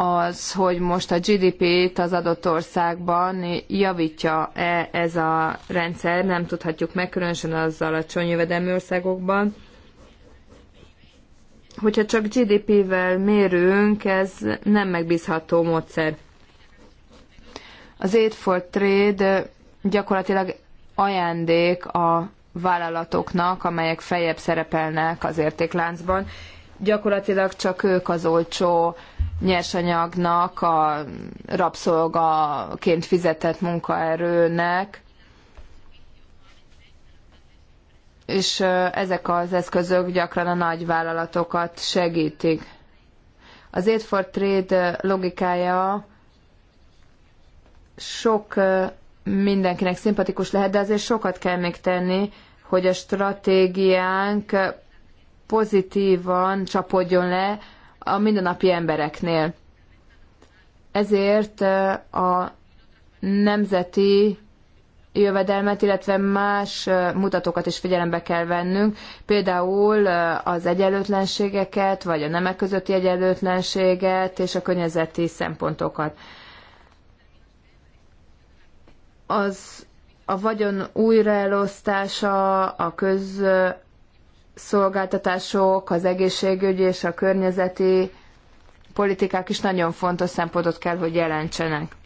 az, hogy most a GDP-t az adott országban javítja-e ez a rendszer, nem tudhatjuk meg, különösen az alacsony jövedelmi országokban. Hogyha csak GDP-vel mérünk, ez nem megbízható módszer. Az Aid for Trade gyakorlatilag ajándék a vállalatoknak, amelyek feljebb szerepelnek az értékláncban. Gyakorlatilag csak ők az olcsó nyersanyagnak, a rabszolgaként fizetett munkaerőnek, és ezek az eszközök gyakran a nagyvállalatokat segítik. Az Aid for Trade logikája sok mindenkinek szimpatikus lehet, de azért sokat kell még tenni, hogy a stratégiánk pozitívan csapodjon le a mindennapi embereknél. Ezért a nemzeti jövedelmet, illetve más mutatókat is figyelembe kell vennünk, például az egyenlőtlenségeket, vagy a nemek közötti egyenlőtlenséget és a környezeti szempontokat. Az a vagyon újraelosztása, a köz szolgáltatások, az egészségügyi és a környezeti politikák is nagyon fontos szempontot kell, hogy jelentsenek.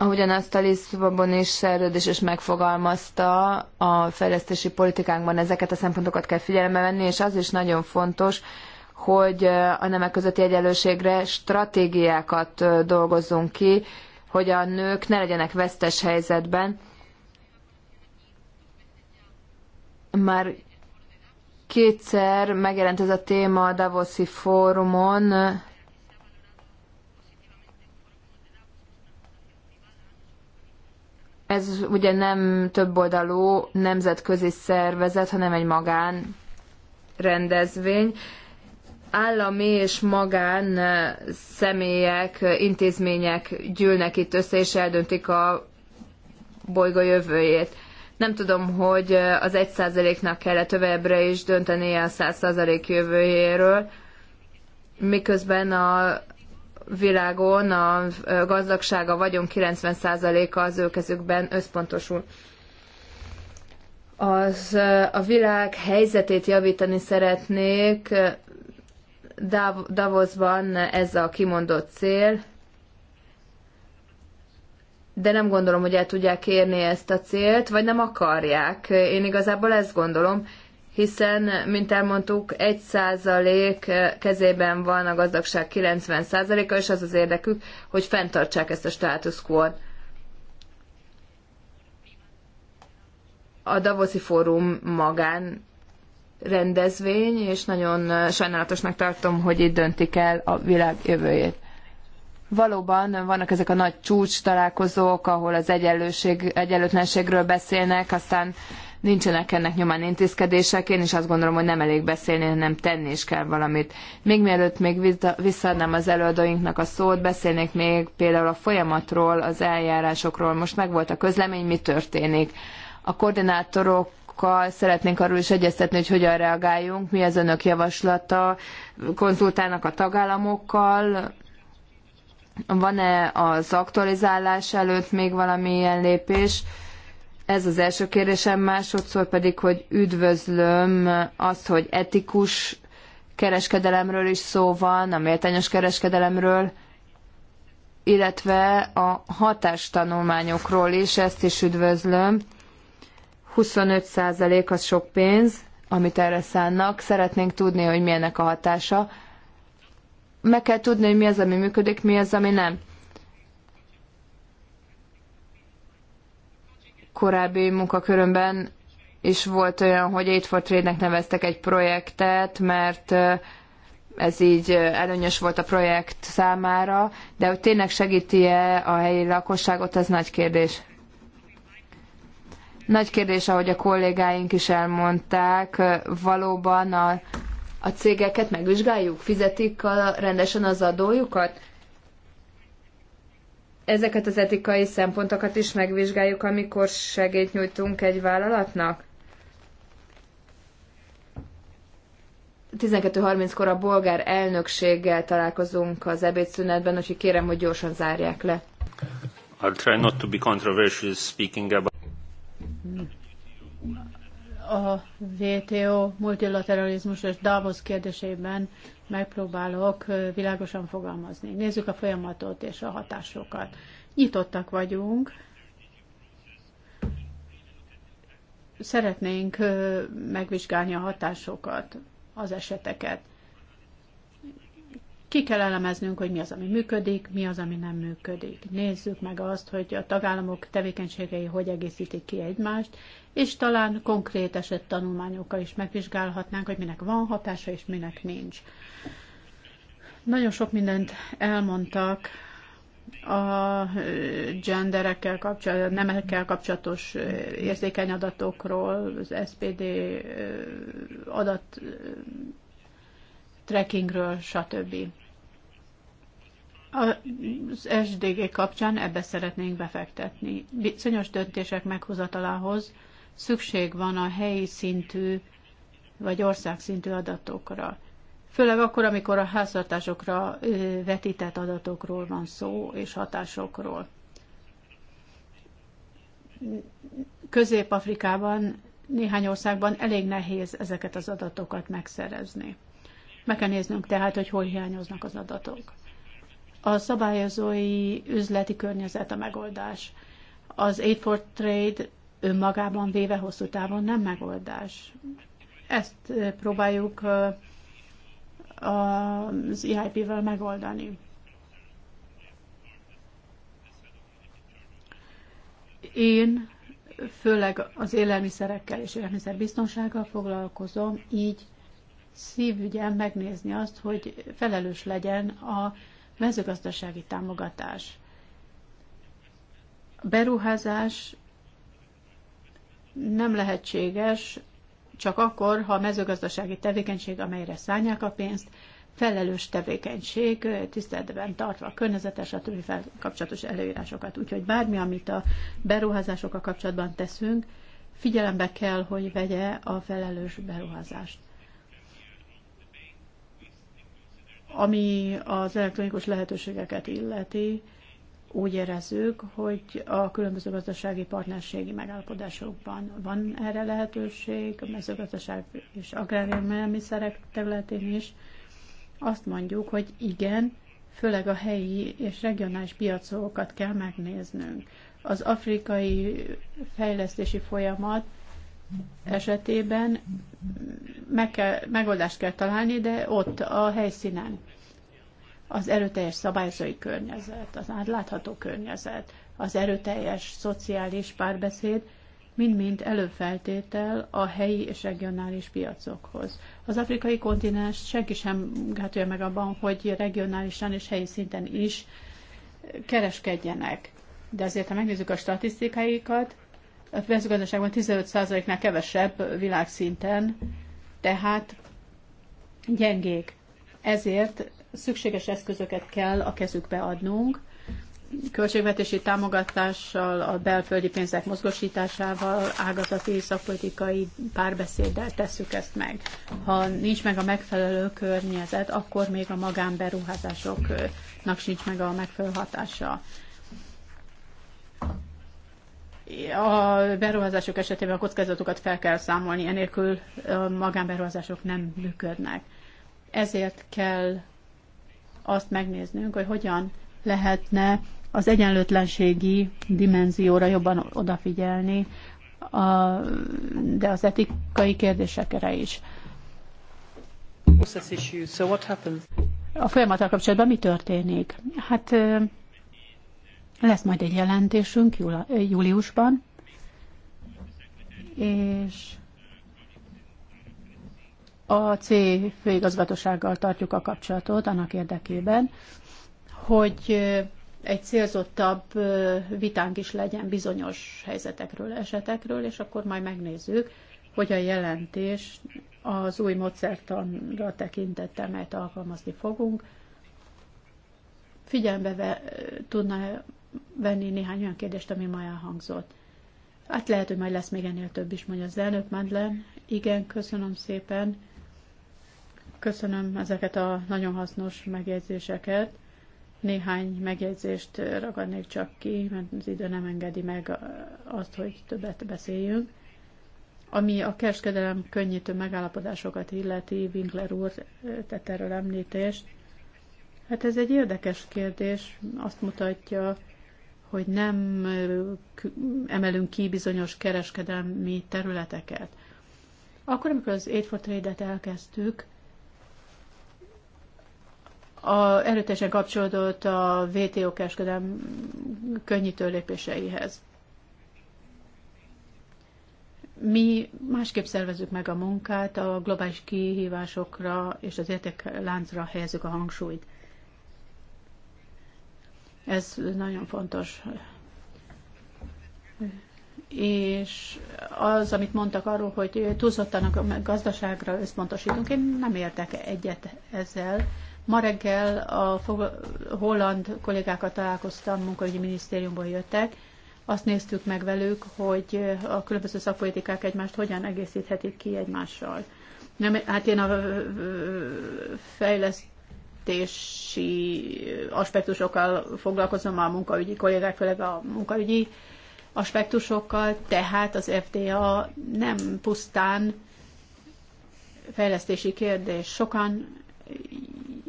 Ahogyan azt a Lisszabon is szerződés is megfogalmazta, a fejlesztési politikánkban ezeket a szempontokat kell figyelembe venni, és az is nagyon fontos, hogy a nemek közötti egyenlőségre stratégiákat dolgozzunk ki, hogy a nők ne legyenek vesztes helyzetben, Már kétszer megjelent ez a téma a Davoszi fórumon, ez ugye nem többoldalú nemzetközi szervezet, hanem egy magán rendezvény. Állami és magán személyek, intézmények gyűlnek itt össze, és eldöntik a bolygó jövőjét. Nem tudom, hogy az egy nak kell-e tövebbre is döntenie a 100% jövőjéről, miközben a világon a gazdagsága, vagyon 90 százaléka az ő kezükben összpontosul az a világ helyzetét javítani szeretnék. Davosban ez a kimondott cél de nem gondolom, hogy el tudják érni ezt a célt, vagy nem akarják. Én igazából ezt gondolom, hiszen, mint elmondtuk, százalék kezében van a gazdagság 90 százaléka, és az az érdekük, hogy fenntartsák ezt a status quo A Davoszi Fórum magán rendezvény, és nagyon sajnálatosnak tartom, hogy itt döntik el a világ jövőjét. Valóban vannak ezek a nagy csúcs találkozók, ahol az egyenlőség, egyenlőtlenségről beszélnek, aztán nincsenek ennek nyomán intézkedések. Én is azt gondolom, hogy nem elég beszélni, hanem tenni is kell valamit. Még mielőtt még visszaadnám az előadóinknak a szót, beszélnék még például a folyamatról, az eljárásokról. Most megvolt a közlemény, mi történik. A koordinátorok szeretnénk arról is egyeztetni, hogy hogyan reagáljunk, mi az önök javaslata, konzultálnak a tagállamokkal, van-e az aktualizálás előtt még valamilyen lépés? Ez az első kérdésem, másodszor pedig, hogy üdvözlöm azt, hogy etikus kereskedelemről is szó van, a méltányos kereskedelemről, illetve a hatástanulmányokról is, ezt is üdvözlöm. 25% az sok pénz, amit erre szánnak. Szeretnénk tudni, hogy milyennek a hatása meg kell tudni, hogy mi az, ami működik, mi az, ami nem. Korábbi munkakörömben is volt olyan, hogy Aid for Trade-nek neveztek egy projektet, mert ez így előnyös volt a projekt számára, de hogy tényleg segíti-e a helyi lakosságot, ez nagy kérdés. Nagy kérdés, ahogy a kollégáink is elmondták, valóban a a cégeket megvizsgáljuk, fizetik a, rendesen az adójukat. Ezeket az etikai szempontokat is megvizsgáljuk, amikor segélyt nyújtunk egy vállalatnak. 12.30-kor a bolgár elnökséggel találkozunk az ebédszünetben, úgyhogy kérem, hogy gyorsan zárják le. I'll try not to be controversial speaking about a WTO multilateralizmus és Davos kérdésében megpróbálok világosan fogalmazni. Nézzük a folyamatot és a hatásokat. Nyitottak vagyunk, szeretnénk megvizsgálni a hatásokat, az eseteket. Ki kell elemeznünk, hogy mi az, ami működik, mi az, ami nem működik. Nézzük meg azt, hogy a tagállamok tevékenységei hogy egészítik ki egymást, és talán konkrét eset tanulmányokkal is megvizsgálhatnánk, hogy minek van hatása, és minek nincs. Nagyon sok mindent elmondtak a genderekkel kapcsolatos, nemekkel kapcsolatos érzékeny adatokról, az SPD adat trackingről, stb. Az SDG kapcsán ebbe szeretnénk befektetni. Bizonyos döntések meghozatalához szükség van a helyi szintű vagy országszintű adatokra. Főleg akkor, amikor a háztartásokra vetített adatokról van szó, és hatásokról. Közép-Afrikában, néhány országban elég nehéz ezeket az adatokat megszerezni. Meg kell néznünk tehát, hogy hol hiányoznak az adatok. A szabályozói üzleti környezet a megoldás. Az Aid for Trade önmagában véve hosszú távon nem megoldás. Ezt próbáljuk az EIP-vel megoldani. Én főleg az élelmiszerekkel és élelmiszerbiztonsággal foglalkozom, így szívügyen megnézni azt, hogy felelős legyen a mezőgazdasági támogatás. Beruházás nem lehetséges csak akkor, ha a mezőgazdasági tevékenység, amelyre szállják a pénzt, felelős tevékenység, tiszteletben tartva a környezetes, többi kapcsolatos előírásokat. Úgyhogy bármi, amit a beruházásokkal kapcsolatban teszünk, figyelembe kell, hogy vegye a felelős beruházást. Ami az elektronikus lehetőségeket illeti, úgy érezzük, hogy a különböző gazdasági partnerségi megállapodásokban van erre lehetőség, a mezőgazdaság és agrárélelmiszerek területén is. Azt mondjuk, hogy igen, főleg a helyi és regionális piacokat kell megnéznünk. Az afrikai fejlesztési folyamat esetében meg kell, megoldást kell találni, de ott a helyszínen az erőteljes szabályozói környezet, az átlátható környezet, az erőteljes szociális párbeszéd mind-mind előfeltétel a helyi és regionális piacokhoz. Az afrikai kontinens senki sem gátolja meg abban, hogy regionálisan és helyi szinten is kereskedjenek. De azért, ha megnézzük a statisztikáikat, a mezőgazdaságban 15%-nál kevesebb világszinten, tehát gyengék. Ezért szükséges eszközöket kell a kezükbe adnunk, költségvetési támogatással, a belföldi pénzek mozgosításával, ágazati szakpolitikai párbeszéddel tesszük ezt meg. Ha nincs meg a megfelelő környezet, akkor még a magánberuházásoknak sincs meg a megfelelő hatása. A beruházások esetében a kockázatokat fel kell számolni, enélkül a magánberuházások nem működnek. Ezért kell azt megnéznünk, hogy hogyan lehetne az egyenlőtlenségi dimenzióra jobban odafigyelni, a, de az etikai kérdésekre is. A folyamattal kapcsolatban mi történik? Hát lesz majd egy jelentésünk júliusban, és a C főigazgatósággal tartjuk a kapcsolatot annak érdekében, hogy egy célzottabb vitánk is legyen bizonyos helyzetekről, esetekről, és akkor majd megnézzük, hogy a jelentés az új módszertanra tekintettel, melyet alkalmazni fogunk, figyelembe ve, tudna venni néhány olyan kérdést, ami ma elhangzott. Hát lehet, hogy majd lesz még ennél több is, mondja az elnök Madlen. Igen, köszönöm szépen. Köszönöm ezeket a nagyon hasznos megjegyzéseket. Néhány megjegyzést ragadnék csak ki, mert az idő nem engedi meg azt, hogy többet beszéljünk. Ami a kereskedelem könnyítő megállapodásokat illeti, Winkler úr tett erről említést. Hát ez egy érdekes kérdés, azt mutatja, hogy nem emelünk ki bizonyos kereskedelmi területeket. Akkor, amikor az Aid for Trade-et elkezdtük, a, erőteljesen kapcsolódott a WTO kereskedelm könnyítő lépéseihez. Mi másképp szervezzük meg a munkát, a globális kihívásokra és az értékláncra helyezzük a hangsúlyt. Ez nagyon fontos. És az, amit mondtak arról, hogy túlzottan a gazdaságra összpontosítunk, én nem értek egyet ezzel Ma reggel a holland kollégákat találkoztam, munkaügyi minisztériumból jöttek, azt néztük meg velük, hogy a különböző szakpolitikák egymást hogyan egészíthetik ki egymással. Nem, hát én a fejlesztési aspektusokkal foglalkozom, a munkaügyi kollégák, főleg a munkaügyi aspektusokkal, tehát az FDA nem pusztán fejlesztési kérdés. Sokan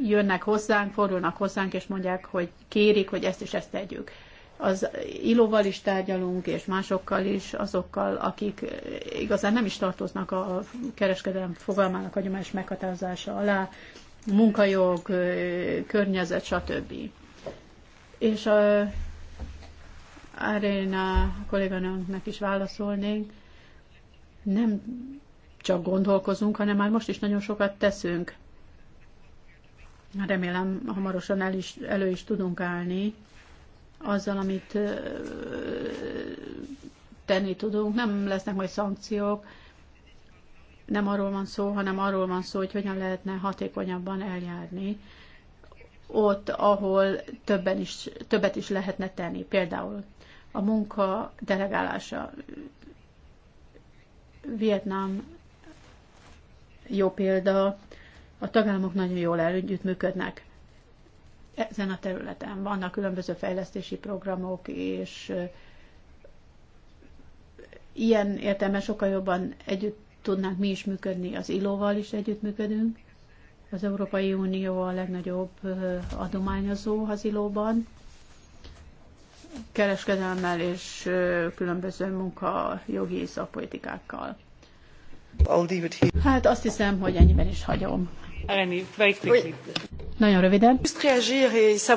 jönnek hozzánk, fordulnak hozzánk, és mondják, hogy kérik, hogy ezt és ezt tegyük. Az ilóval is tárgyalunk, és másokkal is, azokkal, akik igazán nem is tartoznak a kereskedelem fogalmának hagyományos meghatározása alá, munkajog, környezet, stb. És a Aréna kolléganőnknek is válaszolnék, nem csak gondolkozunk, hanem már most is nagyon sokat teszünk. Remélem, hamarosan el is, elő is tudunk állni azzal, amit tenni tudunk. Nem lesznek majd szankciók, nem arról van szó, hanem arról van szó, hogy hogyan lehetne hatékonyabban eljárni ott, ahol többen is, többet is lehetne tenni. Például a munka delegálása. Vietnám jó példa, a tagállamok nagyon jól együttműködnek ezen a területen. Vannak különböző fejlesztési programok, és ilyen értelme sokkal jobban együtt tudnánk mi is működni. Az ILO-val is együttműködünk. Az Európai Unió a legnagyobb adományozó az ILO-ban. Kereskedelemmel és különböző munkajogi szakpolitikákkal. Hát azt hiszem, hogy ennyiben is hagyom. Nagyon röviden.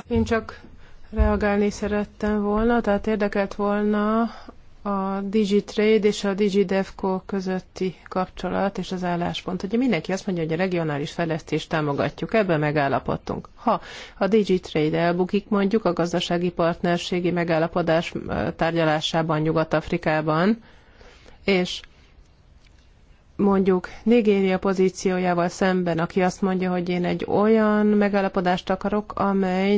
Én csak reagálni szerettem volna, tehát érdekelt volna a DigiTrade és a DigiDevCo közötti kapcsolat és az álláspont. Ugye mindenki azt mondja, hogy a regionális fejlesztést támogatjuk, ebben megállapodtunk. Ha a DigiTrade elbukik mondjuk a gazdasági partnerségi megállapodás tárgyalásában Nyugat-Afrikában, és mondjuk Nigéria pozíciójával szemben, aki azt mondja, hogy én egy olyan megállapodást akarok, amely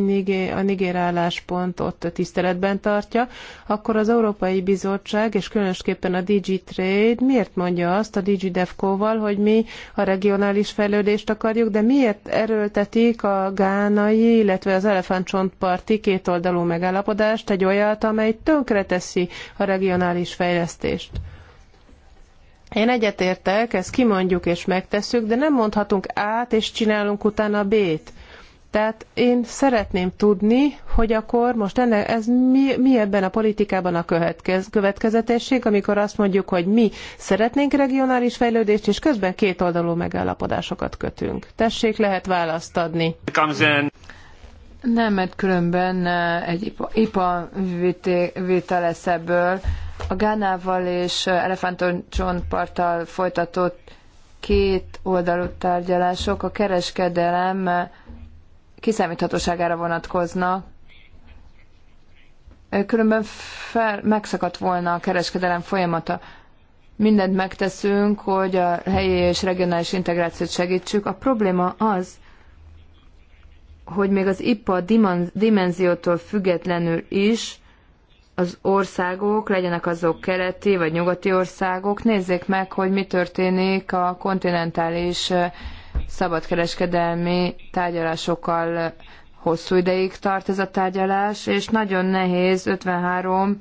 a nigér álláspontot tiszteletben tartja, akkor az Európai Bizottság, és különösképpen a DigiTrade Trade miért mondja azt a digidevco val hogy mi a regionális fejlődést akarjuk, de miért erőltetik a gánai, illetve az elefántcsontparti kétoldalú megállapodást, egy olyat, amely tönkreteszi a regionális fejlesztést? Én egyetértek, ezt kimondjuk és megtesszük, de nem mondhatunk át, és csinálunk utána B-t. Tehát én szeretném tudni, hogy akkor most enne, ez mi, mi ebben a politikában a következ, következetesség, amikor azt mondjuk, hogy mi szeretnénk regionális fejlődést, és közben kétoldalú megállapodásokat kötünk. Tessék, lehet választ adni. Nem, mert különben eh, egy IPA, IPA vétel lesz ebből. A Gánával és Elefánton csontparttal folytatott két oldalú tárgyalások a kereskedelem kiszámíthatóságára vonatkoznak. Különben fel, megszakadt volna a kereskedelem folyamata. Mindent megteszünk, hogy a helyi és regionális integrációt segítsük. A probléma az, hogy még az IPA dimenziótól függetlenül is az országok, legyenek azok keleti vagy nyugati országok, nézzék meg, hogy mi történik a kontinentális szabadkereskedelmi tárgyalásokkal hosszú ideig tart ez a tárgyalás, és nagyon nehéz 53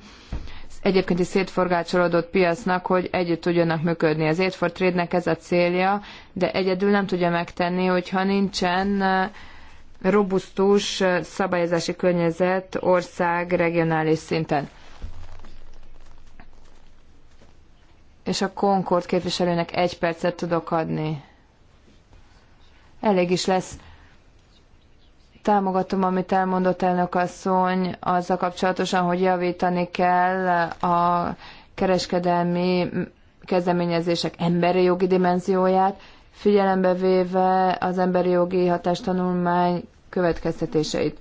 egyébként is szétforgácsolódott piacnak, hogy együtt tudjanak működni. Az Aid for Trade-nek ez a célja, de egyedül nem tudja megtenni, hogyha nincsen robusztus szabályozási környezet ország regionális szinten. És a Concord képviselőnek egy percet tudok adni. Elég is lesz. Támogatom, amit elmondott elnök asszony, azzal kapcsolatosan, hogy javítani kell a kereskedelmi kezdeményezések emberi jogi dimenzióját, figyelembe véve az emberi jogi hatástanulmány következtetéseit.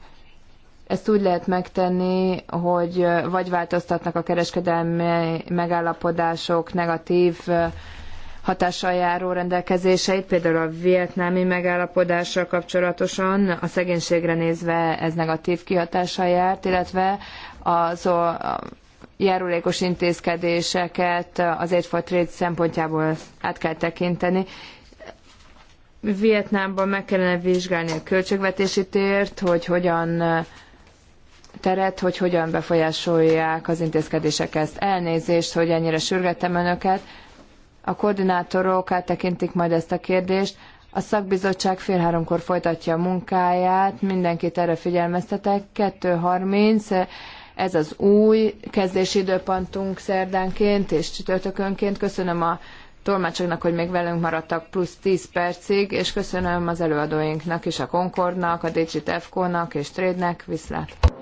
Ezt úgy lehet megtenni, hogy vagy változtatnak a kereskedelmi megállapodások negatív hatással járó rendelkezéseit, például a vietnámi megállapodással kapcsolatosan a szegénységre nézve ez negatív kihatással járt, illetve az a járulékos intézkedéseket az Aid for Trade szempontjából át kell tekinteni, Vietnámban meg kellene vizsgálni a költségvetési tért, hogy hogyan teret, hogy hogyan befolyásolják az intézkedések ezt. Elnézést, hogy ennyire sürgettem önöket. A koordinátorok áttekintik majd ezt a kérdést. A szakbizottság fél háromkor folytatja a munkáját, mindenkit erre figyelmeztetek. 2.30, ez az új kezdési időpontunk szerdánként és csütörtökönként. Köszönöm a tolmácsoknak, hogy még velünk maradtak plusz 10 percig, és köszönöm az előadóinknak is, a Concordnak, a Digit Efco-nak és Trade-nek. Viszlát!